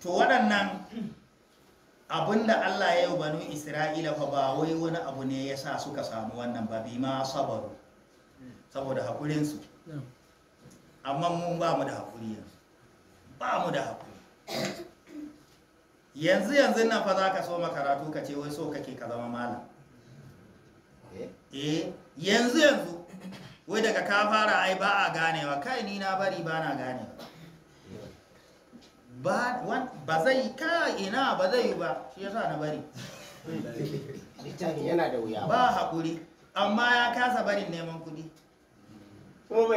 to waɗannan abinda Allah ya yi banu Isra'ila fa ba wai wani abu ne ya sa suka samu wannan ba bi ma sabaru saboda haƙurinsu amma mun ba mu da haƙuri yanzu ba mu da haƙuri yanzu yanzu nan fa za ka so makaratu ka ce wai so kake ka zama malam eh? eh yanzu yanzu wai daga ka fara ai ba a ganewa kai ni na bari ba na ganewa ba zai ka ina ba zai ba shi yasa na bari yana da wuya ba haƙuri amma ya kasa barin neman kuɗi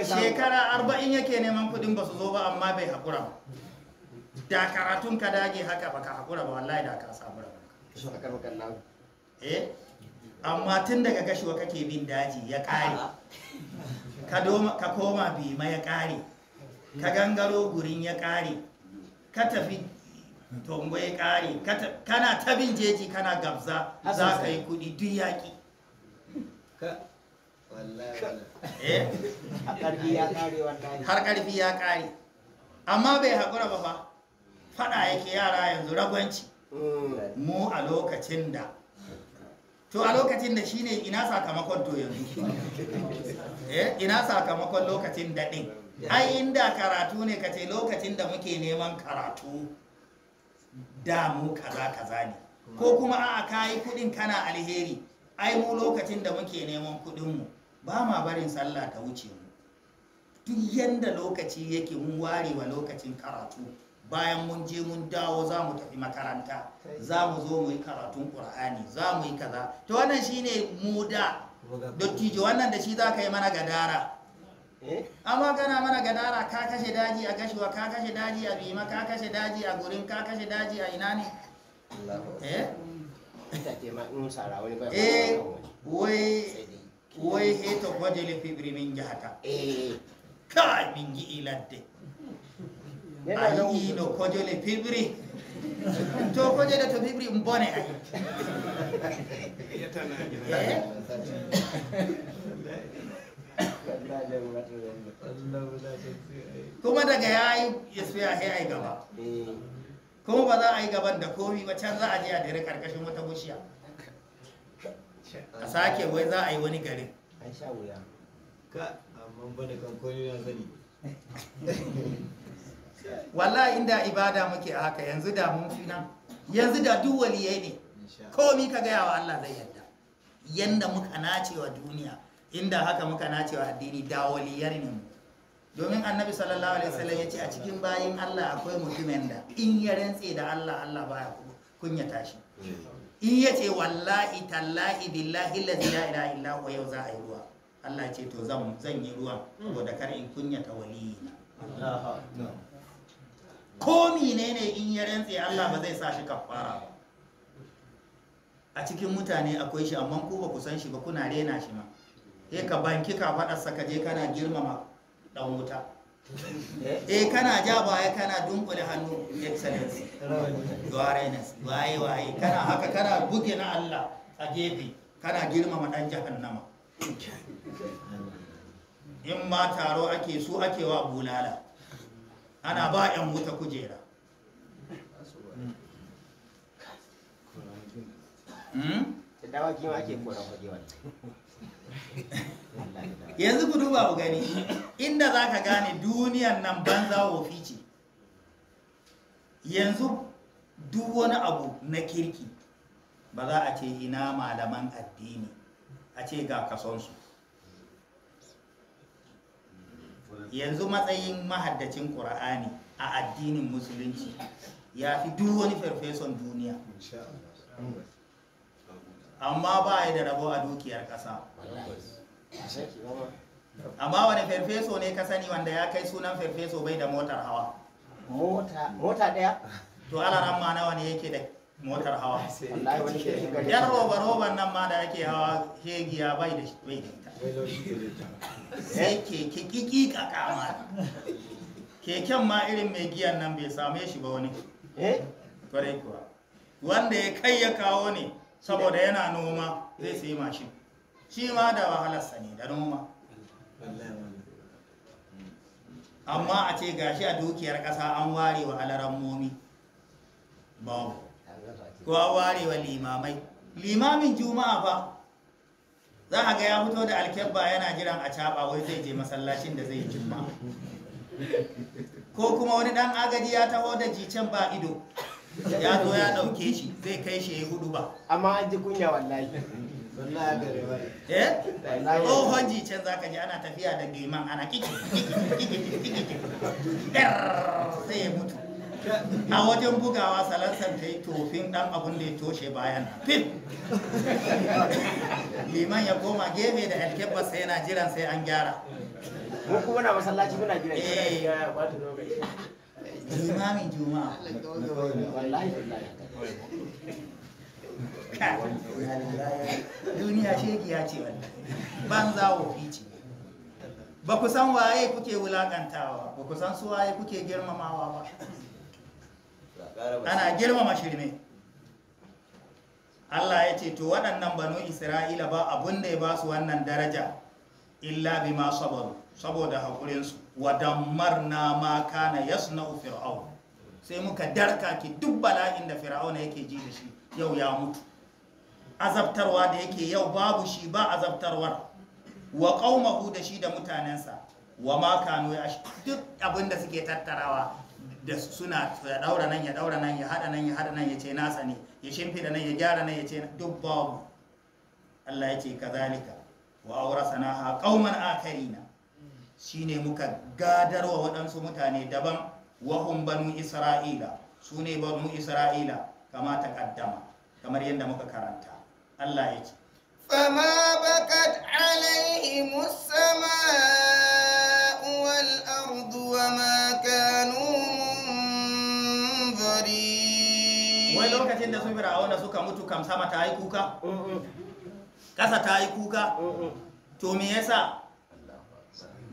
shekara arba'in yake neman kuɗin ba su zo ba amma bai haƙura ba da karatun ka dage haka baka hakura ba wallahi da ka samu shi haka baka lawo eh amma tun daga gashuwa kake bin daji ya kare ka doma ka koma bima ya kare ka gangaro gurin ya kare ka tafi tongo ya kare kana ta bin jeji kana gabza za ka yi kudi duk yaki eh? har karfi ya kare amma bai haƙura ba fa fada yake yara yanzu ragwanci mu a lokacin da to a lokacin da shine ina sakamakon to yanzu eh, ina sakamakon lokacin da din ai inda karatu ne kace lokacin da muke neman karatu da mu kaza kaza ne ko kuma a'a kayi kudin kana alheri ai mu lokacin da muke neman kudin mu ba ma barin sallah ta wuce mu duk yanda lokaci yake mun ware wa lokacin karatu bayan mun je mun dawo za mu tafi makaranta za mu zo mu yi karatun ƙur'ani za mu yi kaza to wannan shi mu da dottijo wannan da shi za ka yi mana gadara eh? amma gana mana gadara ka kashe daji a gashiwa ka kashe daji a bima ka kashe daji a gurin ka kashe daji a ina ne eh? wai eh, wai heto gwajele fibri min jihata haka. ka min ji iladde ayi no kojole fibri to kojole to fibri um bone ay eh? kuma daga ya yi ya suya sai a yi gaba kuma ba za a yi gaban da komi ba can za a je a dare karkashin wata bushiya a sake wai za a yi wani gari. an sha wuya ka amma bane kan komi na sani wallahi inda ibada muke a haka yanzu da mun fi nan yanzu da duk waliyai ne komi ka gaya wa Allah zai yadda yanda muka nacewa duniya inda haka muka nacewa addini da waliyar ne mu domin annabi sallallahu alaihi wasallam ya ce a cikin bayin Allah akwai mutumin da in ya rantse da Allah Allah baya kunya tashi. in ya ce wallahi tallahi billahi la ilaha illa huwa yau za a yi ruwa Allah ce to zan yi ruwa saboda kar in kunyata waliyina ko ne in ya rantse Allah ba zai sa shi kafara ba a cikin mutane akwai shi amma ku ba ku san shi ba kuna rena shi ma eh ka banki ka faɗa saka je kana girmama dan wuta eh kana ja baya kana dunkule hannu excellency duwarenes waye waye kana haka kana buge na Allah a gefe kana girmama dan jahannama in ma taro ake su ake wa bulala ana ba 'yan wuta kujera hmm? yanzu ku duba ku gani inda za ka gane duniyan nan banza wofi ce yanzu duk wani abu na kirki ba za a ce ina malaman addini a ce ga kasonsu yanzu matsayin mahaddacin ƙura'ani a addinin musulunci ya fi duk wani farfeson duniya amma ba a yi da rabo a dukiyar ƙasa amma wani farfeso ne ka sani wanda ya kai sunan farfeso bai da motar hawa mota ɗaya to alaran ma nawa ne yake da motar hawa yan roba roban nan ma da ake hawa hegiya bai da ita sai keke kiki kama keken ma irin mai giyan nan bai same shi ba wani eh? kuwa wanda ya kai ya kawo ne saboda yana noma zai sayi mashin shi ma da wahalarsa ne da noma amma a ce gashi a dukiyar ƙasa an ware wa alaran momi ware wa limamai limamin juma'a fa za a ga ya fito da alkebba yana jiran a caba wai zai je masallacin da zai jimma ko kuma wani ɗan agaji ya taho da jicen ba ido ya zo ya dauke shi zai kai shi ya hudu ba amma an ji kunya wallahi tsohon jicen za ka ji ana tafiya da geman ana kiki kiki kiki kiki sai ya mutu a wajen bugawa salansan ta yi tofin dan abun da ya toshe bayan fil liman ya koma gefe da alkebba sai yana jiran sai an gyara mu muna masallaci muna gina shi ya bata lokaci limamin juma'a wallahi wallahi duniya giya ce wannan banza wofi fice ba ku san waye kuke wulakantawa ba ku san su waye kuke girmamawa ba ana girmama shirme Allah ya ce to waɗannan banu Isra'ila ba abun da ya ba su wannan daraja illa ma sabaru saboda haƙurinsu wa na ma kana yasna'u fir'aun sai muka darka ki duk bala'in da fir'auna yake ji da shi yau ya mutu azabtarwa da yake yau babu shi ba azabtarwar wa ƙaumahu da shi da mutanensa wa ma kanu duk abinda suke tattarawa da suna ya daura nan ya daura nan ya hada nan ya hada nan ya ce nasa ne ya shimfida nan ya gyara nan ya ce duk babu Allah ya ce kazalika wa aurasana ha qauman akarina shine muka gadarwa waɗansu mutane daban wahum banu isra'ila sune banu isra'ila kama kaddama kamar yadda muka karanta Allah ya ce فما بكت عليهم السماء والأرض وما كانوا wai lokacin da su fir'auna suka mutu kam sama ta yi kuka ƙasa ta yi kuka to me yasa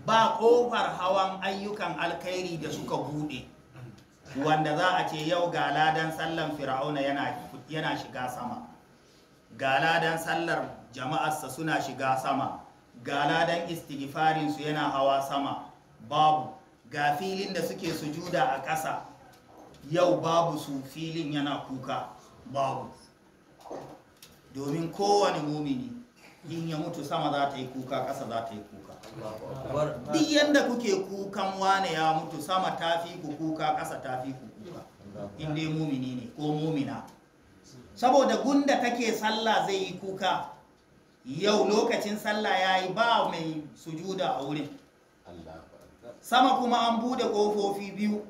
ba ƙofar hawan ayyukan alkhairi da suka buɗe wanda za a ce yau ga ladan sallan fir'auna yana shiga sama ga ladan sallar jama'arsa suna shiga sama ga ladan istighfarinsu yana hawa sama babu ga filin da suke sujuda a ƙasa yau babu su filin yana kuka babu domin kowane mumini in ya mutu sama za ta yi kuka ƙasa za ta yi kuka duk yadda kuke kukan wane ya mutu sama ta fi ku kuka ƙasa ta fi ku kuka inda mumini ne ko mumina saboda gunda take sallah zai yi kuka yau lokacin sallah ya yi ba mai sujuda a wurin sama kuma an bude kofofi biyu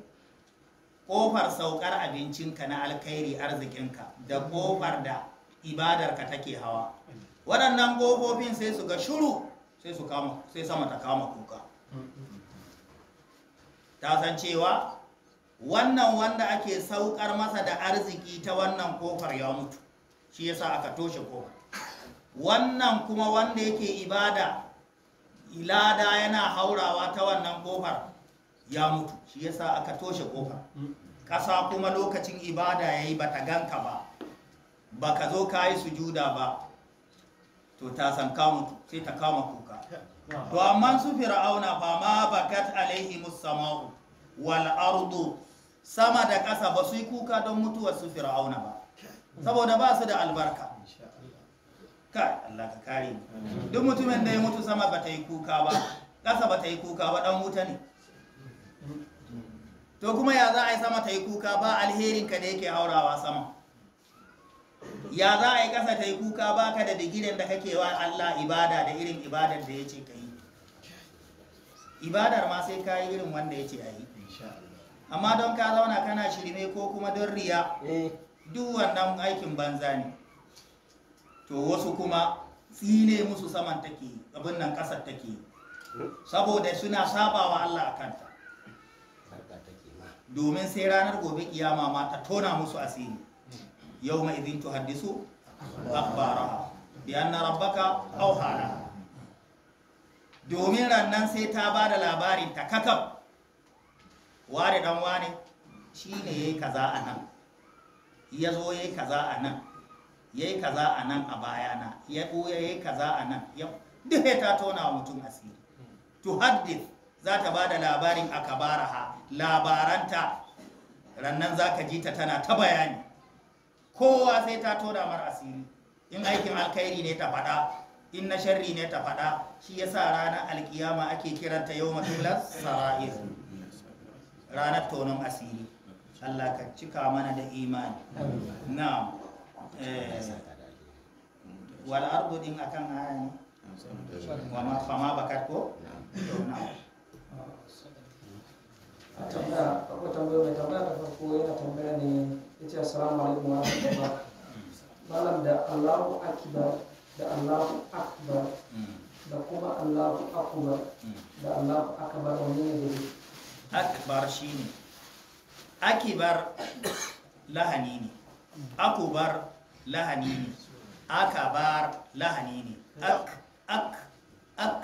kofar saukar abincinka na alkhairi arzikinka da kofar da ibadarka take hawa waɗannan kofofin sai su ga shuru sai su kama sai sama ta kama kuka ta san cewa wannan wanda ake saukar masa da arziki ta wannan kofar ya mutu shi yasa aka toshe kofar wannan kuma wanda yake ibada ilada yana haurawa ta wannan kofar ya mutu shi yasa aka toshe kofa mm. ƙasa kuma lokacin ibada ya yi ba ta ganka ba ba ka zo ka yi sujuda ba to ta san ka mutu sai ta kama kuka to amma su fir'auna ba ma bakat alaihi musamau wal ardu sama da ƙasa ba su yi kuka don mutuwar su fir'auna ba saboda ba su da albarka kai Allah ka kare duk mutumin da ya mutu sama ba ta yi kuka ba ƙasa ba ta yi kuka ba dan wuta ne to kuma ya za a yi sama ta yi kuka ba alherinka da yake haurawa sama ya za a yi kasa ta yi kuka ba ka da digirin da kake wa Allah ibada da irin ibadar da ya ce ka yi ibadar ma sai ka yi irin wanda ya ce a yi amma don ka zauna kana shirme ko kuma don riya eh. duk wannan aikin banza ne to wasu kuma tsine musu saman take abin nan ƙasar take hmm? saboda suna sabawa Allah a kanta domin sai ranar gobe kiyama ma ta tona musu asiri yau ma idin tu haddisu akbara bi anna rabbaka auhana domin rannan sai ta ba da labarin ta kakab ware dan wane shi ne ya yi kaza a nan ya zo ya yi kaza a nan ya yi kaza a nan a bayana ya ɓoye ya yi kaza a nan duk ya ta tona mutum asiri tu haddith za ta ba da labarin a kabaraha labaranta rannan za ka ji ta tana ta bayani kowa sai ta tona mar asiri in aikin alkhairi ne ta faɗa in na sharri ne ta faɗa shi ya sa ranar alkiyama ake kiranta yau matular sara'ir ranar tonon asiri Allah ka cika mana da imani na eh, wal ardu akan aya ne wa ma fama bakat ko na a tambaya akwai tambaya mai tambaya ta farko yana tambaya ne ya ce assalamu alaikum wa rahmatullah malam da allahu akbar da allahu akbar da kuma allahu akbar da allahu akbar wani ne da akbar shi ne akibar lahani ne akubar lahani ne akabar lahani ne ak ak ak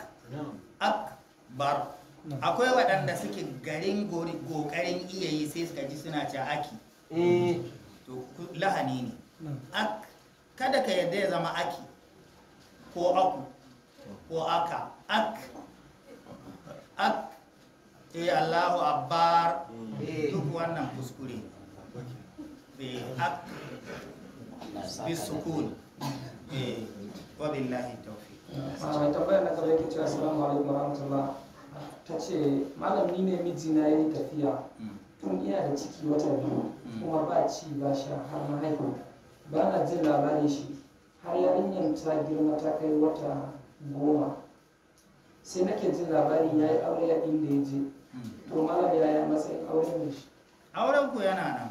akbar akwai waɗanda suke garin ƙoƙarin iya yi sai suka ji suna ce aki mm. to lahani ne mm. kada ka yarda ya zama aki ko aku ko aka ak ak eh allahu abbar mm. duk wannan kuskure eh ak bisukun eh wabillahi tawfiq sai tabbata na gaba yake cewa assalamu alaikum warahmatullahi ta ce malam ni ne mijina ya yi tafiya mm. tun ina da ciki wata biyu mm. kuma ba ci ba sha har ma haihu ba na jin labarin shi har yarinyar ta girma ta kai wata goma sai nake jin labarin ya yi aure ɗin inda ya je mm. to malam yi matsayin auren da shi auren ku yana nan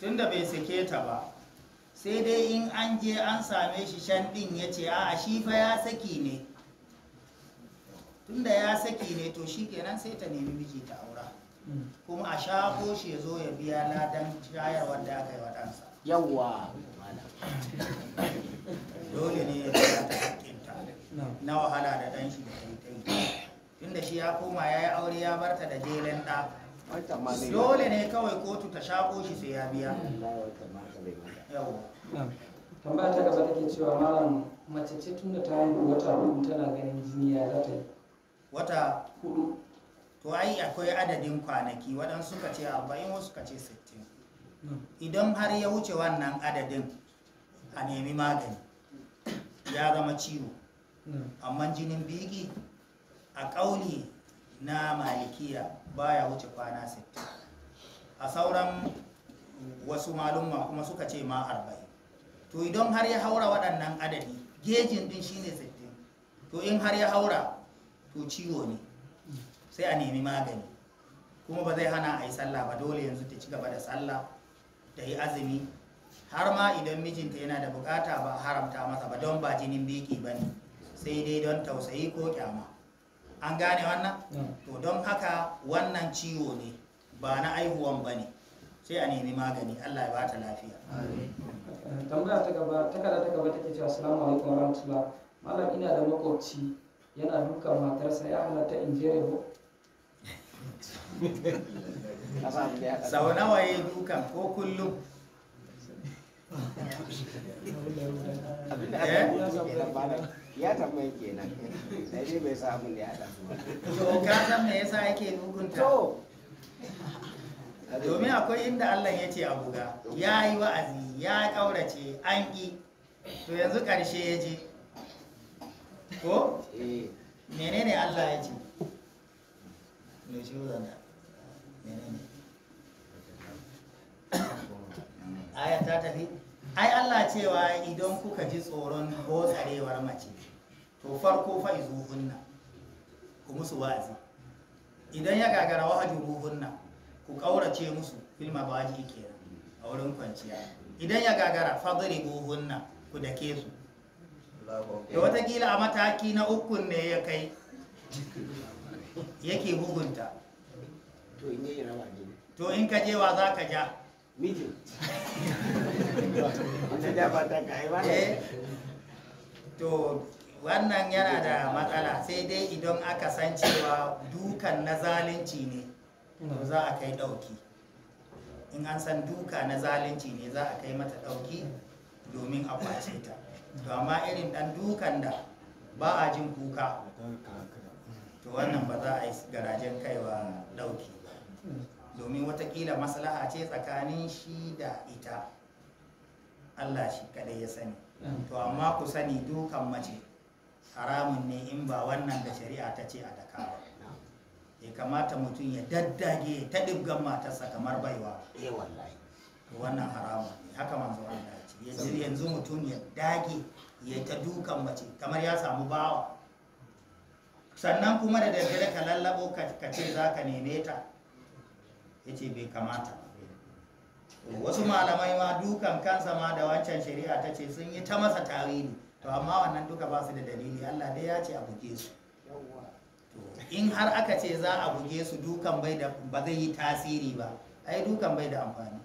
tunda bai sake ta ba sai dai in an je an same shi shan din ya ce a shi fa ya saki ne tunda ya saki ne to shi kenan sai ta nemi miji ta aura mm. kuma a shafo shi ya zo ya biya ladan shayar wanda aka yi ɗansa yawwa dole ne ya biya ta hakinta na wahala da ɗan shi da yi. tunda shi ya koma ya yi aure ya barta da jelen ɗa dole ne kawai kotu ta shafo shi sai ya biya mm, tambaya ta gaba take cewa malam mace ce tun da ta yi wata tana ganin jini ya za ta yi wata hudu to ai akwai adadin kwanaki waɗansu suka ce 40 wasu suka ce 60 idan har ya wuce wannan adadin a nemi magani ya zama ciwo amma jinin biki a kauli na malikiya baya wuce kwana 60 a sauran wasu malumma kuma suka ce ma 40 to idan har ya haura waɗannan adadi gejin din shine 60 to in har ya haura to ciwo ne sai a nemi magani kuma ba zai hana a yi sallah ba dole yanzu ta ci gaba da sallah ta yi azumi har ma idan mijinta yana da bukata ba haramta masa ba don ba jinin biki ba ne sai dai don tausayi ko kyama an gane wannan mm. to don haka wannan ciwo ne ba na aihuwan ba ne sai a nemi magani allah ya bata lafiya tambaya ta gaba ta gaba ke cewa salamu alaikum warahmatullah malam ina da makwabci yana dukan matarsa ya halatta in jere ko? sau nawa ya yi dukan ko kullum ya tambayi kenan sai dai bai sa abin da ya to ka san me yasa yake dukunta domin akwai inda Allah ya ce a buga ya yi wa'azi ya ƙaurace, an ƙi to yanzu ƙarshe ya je ko eh. menene Allah ya ce ne shi zanda menene aya ta tafi ai Allah cewa idan kuka ji tsoron gotsarewar mace to farko fa izuhunna ku musu wazi idan ya gagara wahajuruhunna ku kaurace musu filma ba baji ke a wurin kwanciya idan ya gagara fadribuhunna ku dake su ya watakila a mataki na ukun ne ya kai yake bugunta to in ka jewa za ka ja eh. to wannan yana da matsala sai dai idan aka san cewa dukan na zalunci ne za a kai dauki in an san duka na zalunci ne za a kai mata dauki domin a ta to amma irin dan dukan da ba a jin kuka to wannan ba za a yi garajen kaiwa dauki ba domin watakila maslaha ce tsakanin shi da ita Allah shi kadai ya sani to amma ku sani dukan mace haramun ne in ba wannan da shari'a ta ce a daka ba ya kamata mutum ya daddage ta dibgan matarsa kamar baiwa eh, wannan haramun ne haka manzo Allah yanzu yanzu mutum ya dage ya ta dukan mace kamar ya samu bawa sannan kuma da daddare ka lallabo ka ce za ka neme ta ya ce bai kamata wasu malamai ma dukan kansa ma da wancan shari'a ta ce sun yi ta masa tarihi to amma wannan duka ba su da dalili allah dai ya ce a buge su in har aka ce za a buge su dukan bai da ba zai yi tasiri ba ai dukan bai da amfani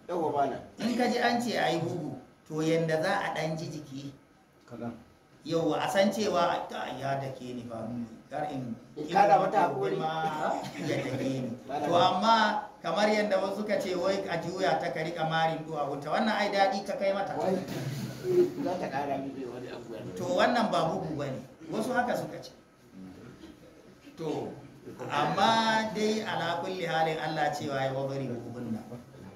in ka ji an ce a yi bugu to yanda za a ɗan ji jiki yau a san cewa ta ya da ke ni ba kar in kada wata hakuri ma ya da ke ni to amma kamar yadda wasu suka ce wai a juya ta kari kamarin duwa wuta wannan ai daɗi ka kai mata za ta kara wani abu to wannan ba bugu ne wasu haka suka ce to amma dai ala kulli halin Allah cewa ya wabari hukunna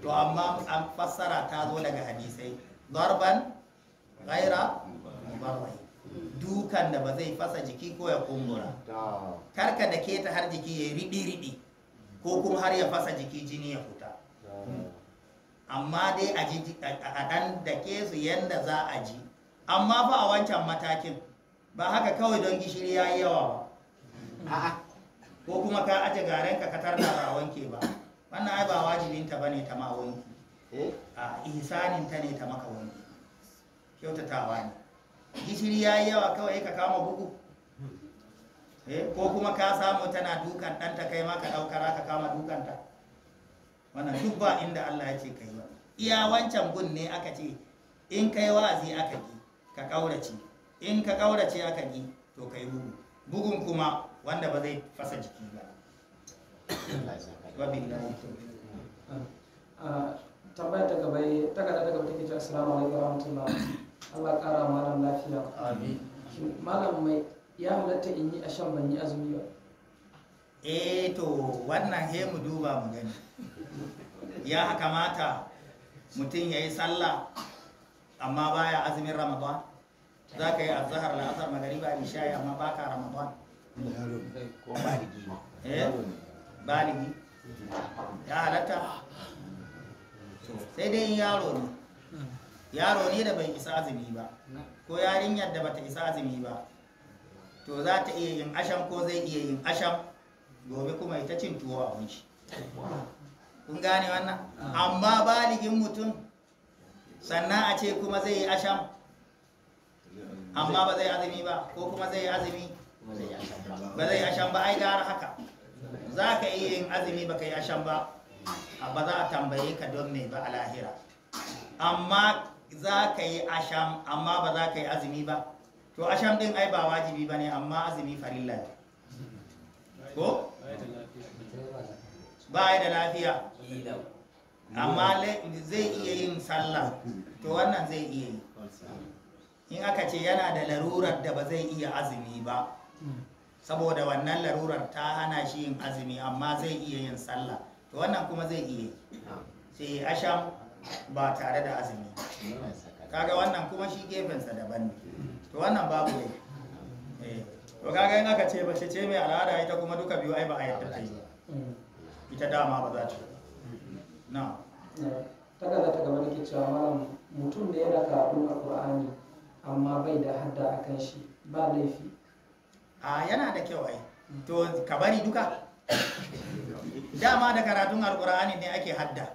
to amma an fassara ta zo daga hadisai darban ghaira dukan da ba zai fasa jiki ko ya kumbura karka da ke ta har jiki ya riɗi riɗi ko kuma har ya fasa jiki jini ya fita amma dai a ɗan da ke su yadda za a ji amma fa a wancan matakin ba haka kawai don gishiri ya yi yawa ba ko kuma ka aje garenka ka tarda ba wanke ba wannan ai ba wajibinta ba ne ta ma wanke Eh? a ihsanin ta ne ta maka wani kyautatawa ne gishiri ya yi yawa kawai ka kama bugu eh, ko kuma ka samu tana dukan ɗanta kai ma ka ɗaukara ka kama dukanta wannan duk ba inda Allah ya ce kai ba iya wancan gun ne aka ce in kai wazi aka ki ka ƙaurace in ka ƙaurace aka ki to kai bugu bugun kuma wanda ba zai fasa jiki ba tambaya ta gaba eh, ta gaba ta gaba take cewa assalamu alaikum warahmatullah Allah kara malam lafiya amin malam mai ya halatta in yi a ban yi azumi ba eh to wannan he mu duba mu gani ya kamata mutum ya yi sallah amma baya azumin ramadan za ka yi azahar la'asar magariba isha'i amma baka ramadan eh, baligi ya halatta sai dai yaro ne yaro ne da bai isa azumi ba ko yadda ba bata isa azumi ba to za ta iya yin asham ko zai iya yin asham gobe kuma ita cin tuwo a wunshi kun gane wannan amma baligin mutum sannan a ce kuma zai yi asham amma ba zai azumi ba ko kuma zai yi azumi ba zai asham ba ai gara haka za ka iya yin azumi ba ka yi asham ba ba za a tambaye ka don me ba a lahira amma za ka yi asham amma ba za ka yi azumi ba to asham din ai ba wajibi ba ne amma azumi farilla ne ko? ba ya da lafiya amma zai iya yin sallah to wannan zai iya yi in aka ce yana da larurar da ba zai iya azumi ba saboda wannan larurar ta hana shi yin azumi amma zai iya yin sallah to wannan kuma zai iya sai asham ba tare da azumi kaga wannan kuma shi gefensa daban ne to wannan babu ne eh, to kaga in aka ce bace ce mai al'ada ita kuma duka biyu ai ba a yadda ta yi ita dama ba za ta na takarda ta gaba nake cewa malam mutum da yana karatun alqur'ani amma bai da hadda akan shi ba laifi a yana da kyau ai to ka bari duka dama da karatun alkur'ani ne ake hadda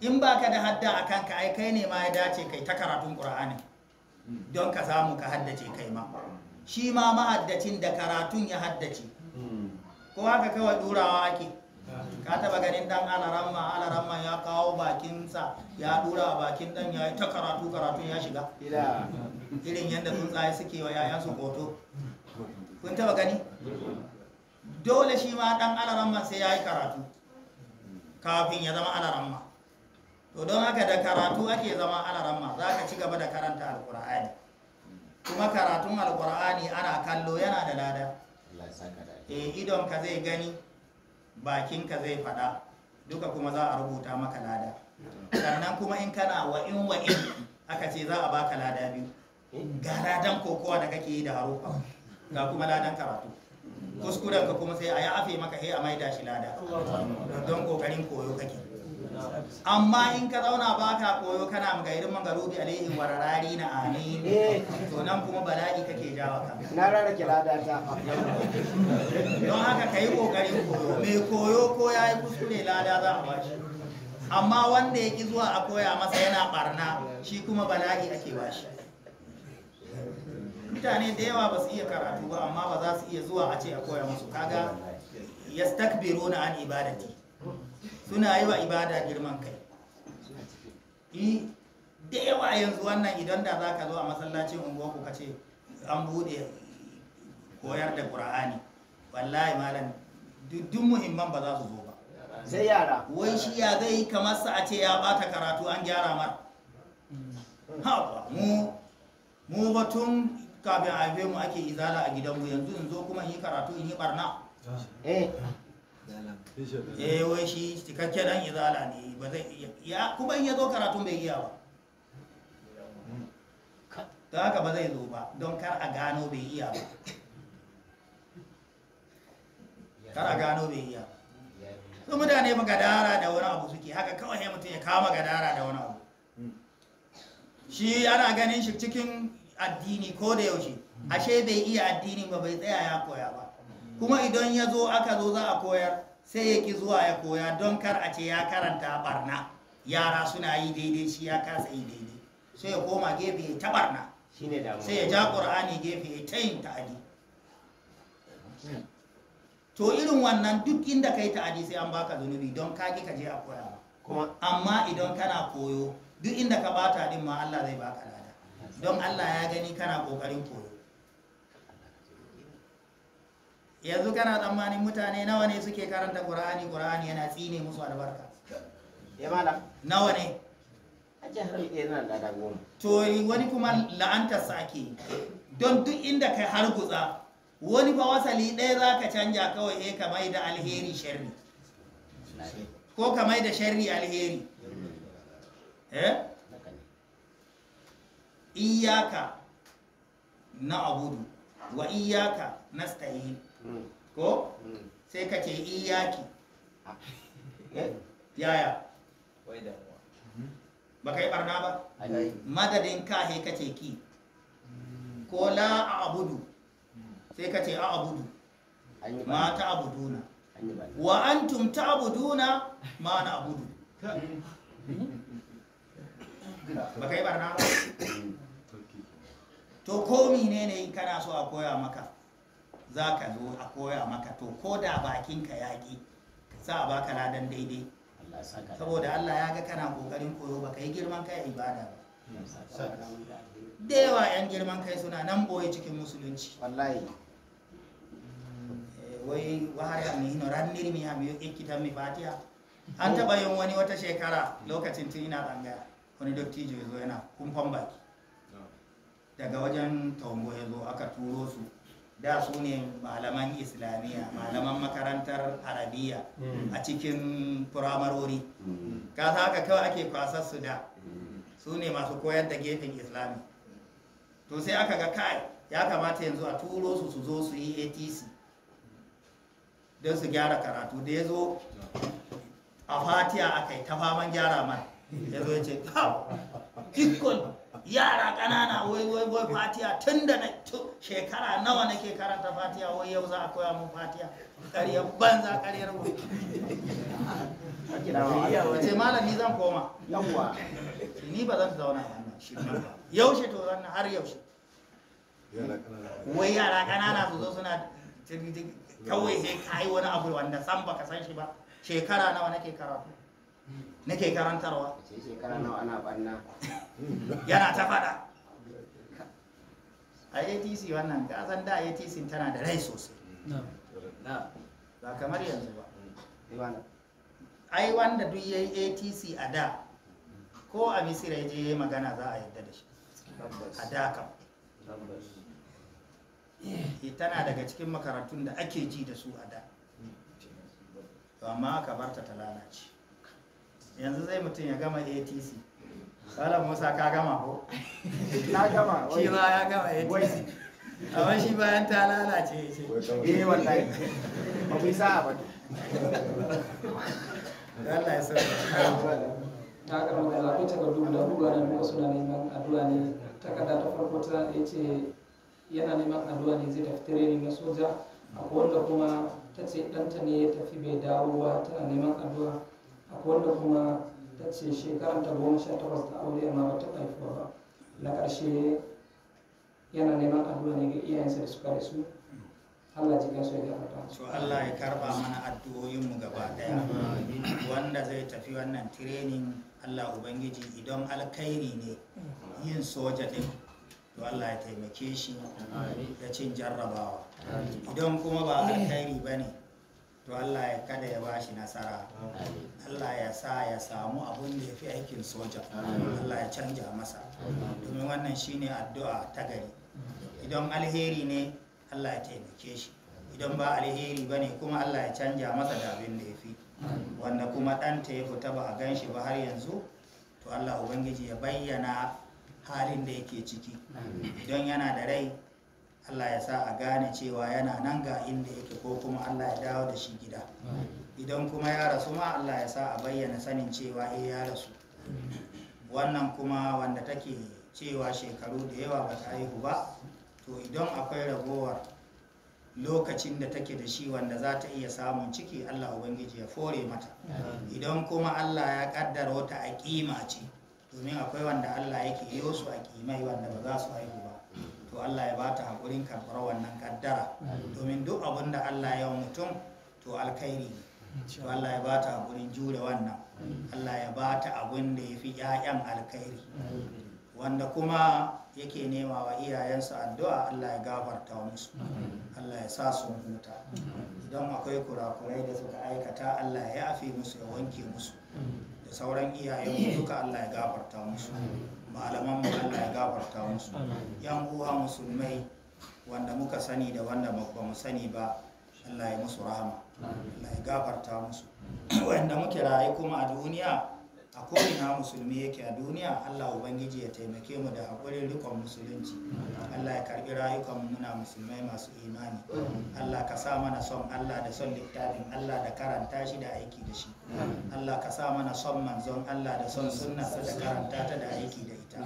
in ba ka da hadda a kanka ai kai ne ma ya dace kai ta karatun ƙur'ani don ka samu ka haddace kai ma shi ma mahaddacin da karatun ya haddace ko haka kawai ɗurawa ake ka taba ganin dan alaramma alaramma ya kawo bakinsa ya dura bakin dan ya yi ta karatu karatun ya shiga irin yadda tsuntsaye suke wa yayansu hoto kun taba gani dole shi ma ɗan alaramman sai ya yi karatu kafin ya zama alaramma to don haka da karatu ake zama alaramma za ka ci gaba da karanta alkur'ani kuma karatun alkur'ani ana kallo yana da lada e idon ka zai gani bakin ka zai fada duka kuma za a rubuta maka lada sannan kuma in kana wa'in wa'in aka ce za a baka lada biyu ga ladan kokowa da kake yi da haruka ga kuma ladan karatu kuskuren ka kuma sai a ya afe maka sai a maida shi lada don kokarin koyo kake amma in ka zauna ba ka koyo kana magairin a alaihi wararari na amin to nan kuma bala'i kake jawa ka na rara ki lada ta don haka kai kokarin koyo mai koyo ko yayi kuskure lada za a bashi amma wanda ya ki zuwa a koya masa yana barna shi kuma bala'i ake bashi mutane da yawa ba su iya karatu ba amma ba za su iya zuwa a ce a koya musu kaga na an ibadati suna yi wa ibada girman kai da yawa yanzu wannan idan da za ka zo a masallacin unguwarku ka ce an bude koyar da ƙura'ani wallahi malam duk muhimman ba za su zo ba sai yara wai shi ya zai kamar sa a ce ya bata karatu an gyara mar mm. mu batun kafin haife mu ake izala a gidanmu yanzu in zo kuma yi karatu in yi barna eh. eh wai shi cikakken dan izala ne ba zai iya kuma in ya zo karatun bai iya ba don haka ba zai zo ba don kar a gano bai iya ba kar a gano bai iya su mutane ba gadara da wani abu suke haka kawai mutum ya kama gadara da wani abu shi ana ganin shi cikin addini ko da yaushe ashe bai iya addini ba bai tsaya ya koya ba kuma idan ya zo aka zo za a koyar sai ya ki zuwa ya koya don kar a ce ya karanta barna yara suna yi daidai shi ya kasa yi daidai sai ya koma gefe ya ta sai ya ja ƙur'ani gefe ya ta yin ta'adi to irin wannan duk inda ka yi ta'adi sai an baka zunubi don ka ka je a koya amma idan kana koyo duk inda ka bata din ma Allah zai baka don Allah ya gani kana kokarin koyo yanzu kana tsammanin mutane nawa ne suke karanta qur'ani qur'ani yana tsine musu albarka ya eh, mala nawa ne a da to wani kuma la'antar sake don duk inda kai har gutsa wani ba wasali ɗaya za ka canja kawai eh ka mai da alheri sharri ko ka mai da sharri alheri eh iyaka na abudu wa iyaka na stayin ko sai ka ce iyaki yaya ba ka yi barna ba madadin he ka ce ki ko la a abudu sai ka ce a abudu ma ta abuduna wa antum ta abuduna ma na abudu ba ka yi barna ba to ko ne ne in kana so a koya maka za ka zo a koya maka to ko da bakinka ya ƙi za a baka ladan daidai saboda Allah ya ga kana kokarin koyo ba ka yi girman kai ibada ba da yawa yan girman kai suna nan boye cikin musulunci wallahi eh, wai wahar ya ran nirmi ha miyo ikitan mi fatiya an taba yin wani wata shekara lokacin tun ina tsangaya wani dattijo ya zo yana kumfan baki daga wajen taumbo aka turo su da su ne malaman islamiyya malaman makarantar arabiya mm. a cikin firamarori mm. ka sa haka kawai ake kwasar su da mm. su ne masu koyar da gefen islami to sai aka ga kai ya kamata yanzu a turo su su zo su yi atc don su gyara karatu da ya zo a fatiya aka yi ta gyara man ya zo ya ce ikon yara ƙanana wai wai wai fatiya tun da na shekara nawa nake karanta fatiya wai yau za a koya mu fatiya ƙaryar banza ƙaryar wani ce malami zan koma yawwa ni ba zan zauna ba yaushe to zan har yaushe wai yara ƙanana su zo suna kawai sai ka yi wani abu wanda san baka san shi ba shekara nawa nake karatu nake karantarwa yana ta fada a atc wannan ka san da atc tana da rai sosai ba kamar yanzu ba ai wanda duk yayi atc a da ko a misira ya je yayi magana za a yadda da shi a da kam eh, tana daga cikin makarantun da ake ji da su a da amma aka barta ta lalace yanzu zai mutum ya gama atc kala musa ka gama ko na gama shi ma ya gama atc amma shi bayan ta lalace ya ce eh wallahi ba ku sa'a ba Allah ya sauka ta karbi da zafi takardu da uku ana kuma suna neman addu'a ne Ta kada ta farko ta ya ce yana neman addu'a ne zai tafi training na soja akwai wanda kuma ta ce ɗanta ne ya tafi bai dawowa tana neman addu'a wanda kuma ta ce shekaranta goma sha takwas da aure amma ba ta haifuwa ba na ƙarshe yana neman addu'a ne ga iyayensa da suka rasu Allah ji su ya gafata So Allah ya karɓa mana mu gaba ɗaya. Wanda zai tafi wannan training Allah Ubangiji idan alkhairi ne yin soja ɗin to Allah ya taimake shi da cin jarrabawa. Idan kuma ba alkhairi ba ne to Allah ya kada ya ba shi nasara Allah ya sa ya samu abun da ya fi aikin soja Allah ya canja masa domin wannan shine addu'a ta gari idan alheri ne Allah ya taimake shi idan ba alheri ba ne kuma Allah ya canja masa da abin da ya fi wanda kuma ɗanta ya fita ba a gan shi ba har yanzu to Allah Ubangiji ya bayyana halin da yake ciki idan yana da rai Allah ya sa a gane cewa yana nan ga inda yake ko kuma Allah ya dawo da shi gida idan kuma ya rasu ma Allah ya sa a bayyana sanin cewa eh ya rasu wannan kuma wanda take cewa shekaru da yawa ba ta haihu ba to idan akwai ragowar lokacin da take da shi wanda za ta iya samun ciki Allah Ubangiji ya fore mata idan kuma Allah ya kaddara wata aƙima ce domin akwai wanda Allah yake yi wasu kimai wanda ba za su haihu ba Allah ya bata haƙurin karɓar wannan kaddara domin duk abin da Allah ya mutum to alkhairi to Allah ya bata haƙurin jure wannan Allah ya bata abin da ya fi 'ya'yan alkhairi wanda kuma yake nema wa iyayensu addu'a Allah ya gafarta musu Allah ya sa su huta idan akwai kurakurai da suka aikata Allah ya yafe musu ya wanke musu da sauran iyayen duka Allah ya gafarta musu malaman mu Allah ya gafarta musu yan uwa musulmai wanda muka sani da wanda ba mu sani ba Allah ya musu rahama Allah ya gafarta musu wanda muke raye kuma a duniya a ko'ina musulmi yake a duniya Allah ubangiji ya taimake mu da haƙurin rikon musulunci Allah ya karbi rayukan mu muna musulmai masu imani Allah ka sa mana son Allah da son littafin Allah da karanta shi da aiki da shi Allah ka sa mana son manzon Allah da son sunna da karanta ta da aiki da ita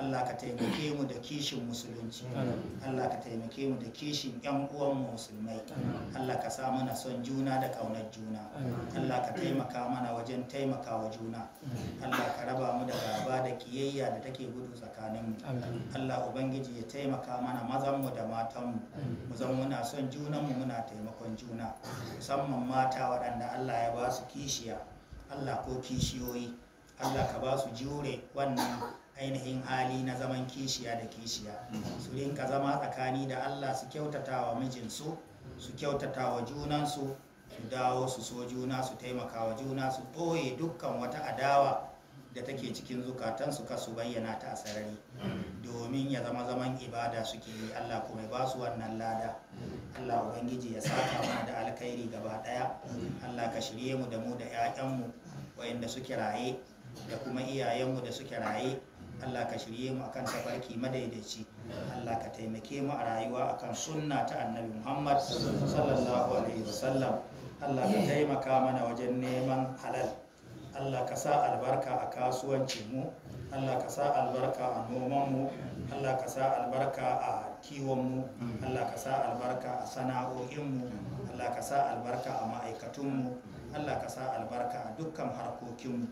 Allah ka taimake mu da kishin musulunci Allah ka taimake mu da kishin yan uwan musulmai Allah ka sa mana son juna da kaunar juna Allah ka taimaka mana wajen taimakawa juna Allah ka raba mu da gaba da kiyayya da take gudu tsakanin mu Allah ubangiji ya taimaka mana mazan mu da matan mu mu zan muna son junan mu muna taimakon juna musamman mata waɗanda Allah ya ba su kishiya Allah ko kishiyoyi Allah ka ba su jure wannan ainihin hali na zaman kishiya da kishiya su rinka zama tsakani da allah su kyautata wa mijinsu su kyautata wa junansu su dawo su so juna su taimaka wa juna su ɓoye dukkan wata adawa da take cikin zukatansu ka su bayyana ta a sarari domin ya zama zaman ibada suke yi Allah kuma ba su wannan lada Allah ubangiji ya saka mana da alkhairi gaba daya Allah ka shirye mu da mu da 'ya'yanmu wayanda suke raye da kuma iyayenmu da suke raye Allah ka shirye mu akan tafarki madaidaici Allah ka taimake mu a rayuwa akan sunna ta annabi Muhammad sallallahu alaihi wasallam Allah ka taimaka mana wajen neman halal Allah ka sa albarka a kasuwancinmu Allah ka sa albarka a nomanmu Allah ka sa albarka a kiwonmu Allah ka sa albarka a sana'o'inmu Allah ka sa albarka a ma'aikatunmu Allah ka sa albarka a dukkan harkokinmu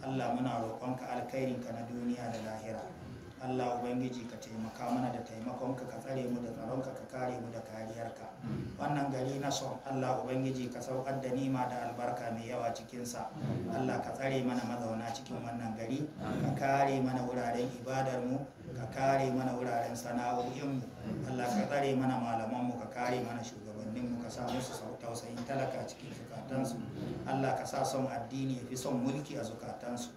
Allah muna roƙonka alkhairinka na duniya da lahira Allah Ubangiji ka taimaka mana da taimakonka ka tsare mu da tsaronka ka kare mu da kariyarka wannan gari na son Allah Ubangiji ka saukar da nima da albarka mai yawa cikinsa Allah ka tsare mana mazauna cikin wannan gari ka kare mana wuraren ibadarmu, ka kare mana wuraren sana'o'inmu Allah ka tsare mana malamanmu ka kare mana shugabanninmu ka sa musu tausayin talaka cikin zukatansu Allah ka sa son addini ya fi son mulki a zukatansu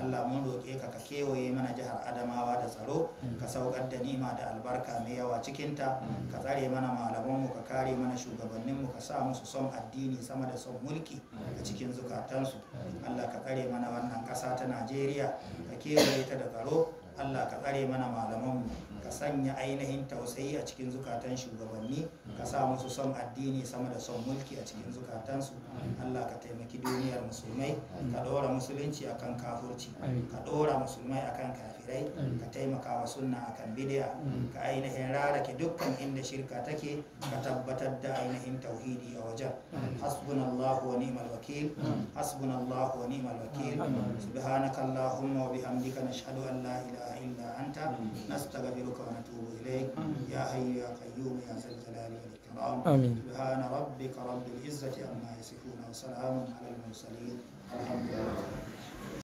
Allah mun roƙe ka ka kewaye mana jihar Adamawa da tsaro ka saukar da nima da albarka mai yawa cikinta ka tsare mana malamanmu ka kare mana shugabanninmu ka sa musu son addini sama da son mulki a cikin zukatansu Allah ka tsare mana wannan ƙasa ta Najeriya ka kewaye ta da tsaro Allah ka tsare mana malamanmu ka sanya ainihin tausayi a cikin zukatan shugabanni ka sa musu son addini sama da son mulki a cikin zukatansu Allah ka taimaki duniyar musulmai ka ɗora musulunci akan kafurci ka ɗora musulmai akan kafirai ka taimaka wa sunna akan bidiya ka ainihin rarake dukkan inda shirka take ka tabbatar da ainihin tauhidi a wajen hasbunallahu wa ni'mal wakil hasbunallahu wa ni'mal wakil subhanakallahumma wa bihamdika nashhadu an la ilaha illa anta nastaghfiruka نستغفرك ونتوب إليك يا حي يا قيوم يا ذا الجلال والإكرام آمين سبحان ربك رب العزة عما يصفون وسلام على المرسلين الحمد لله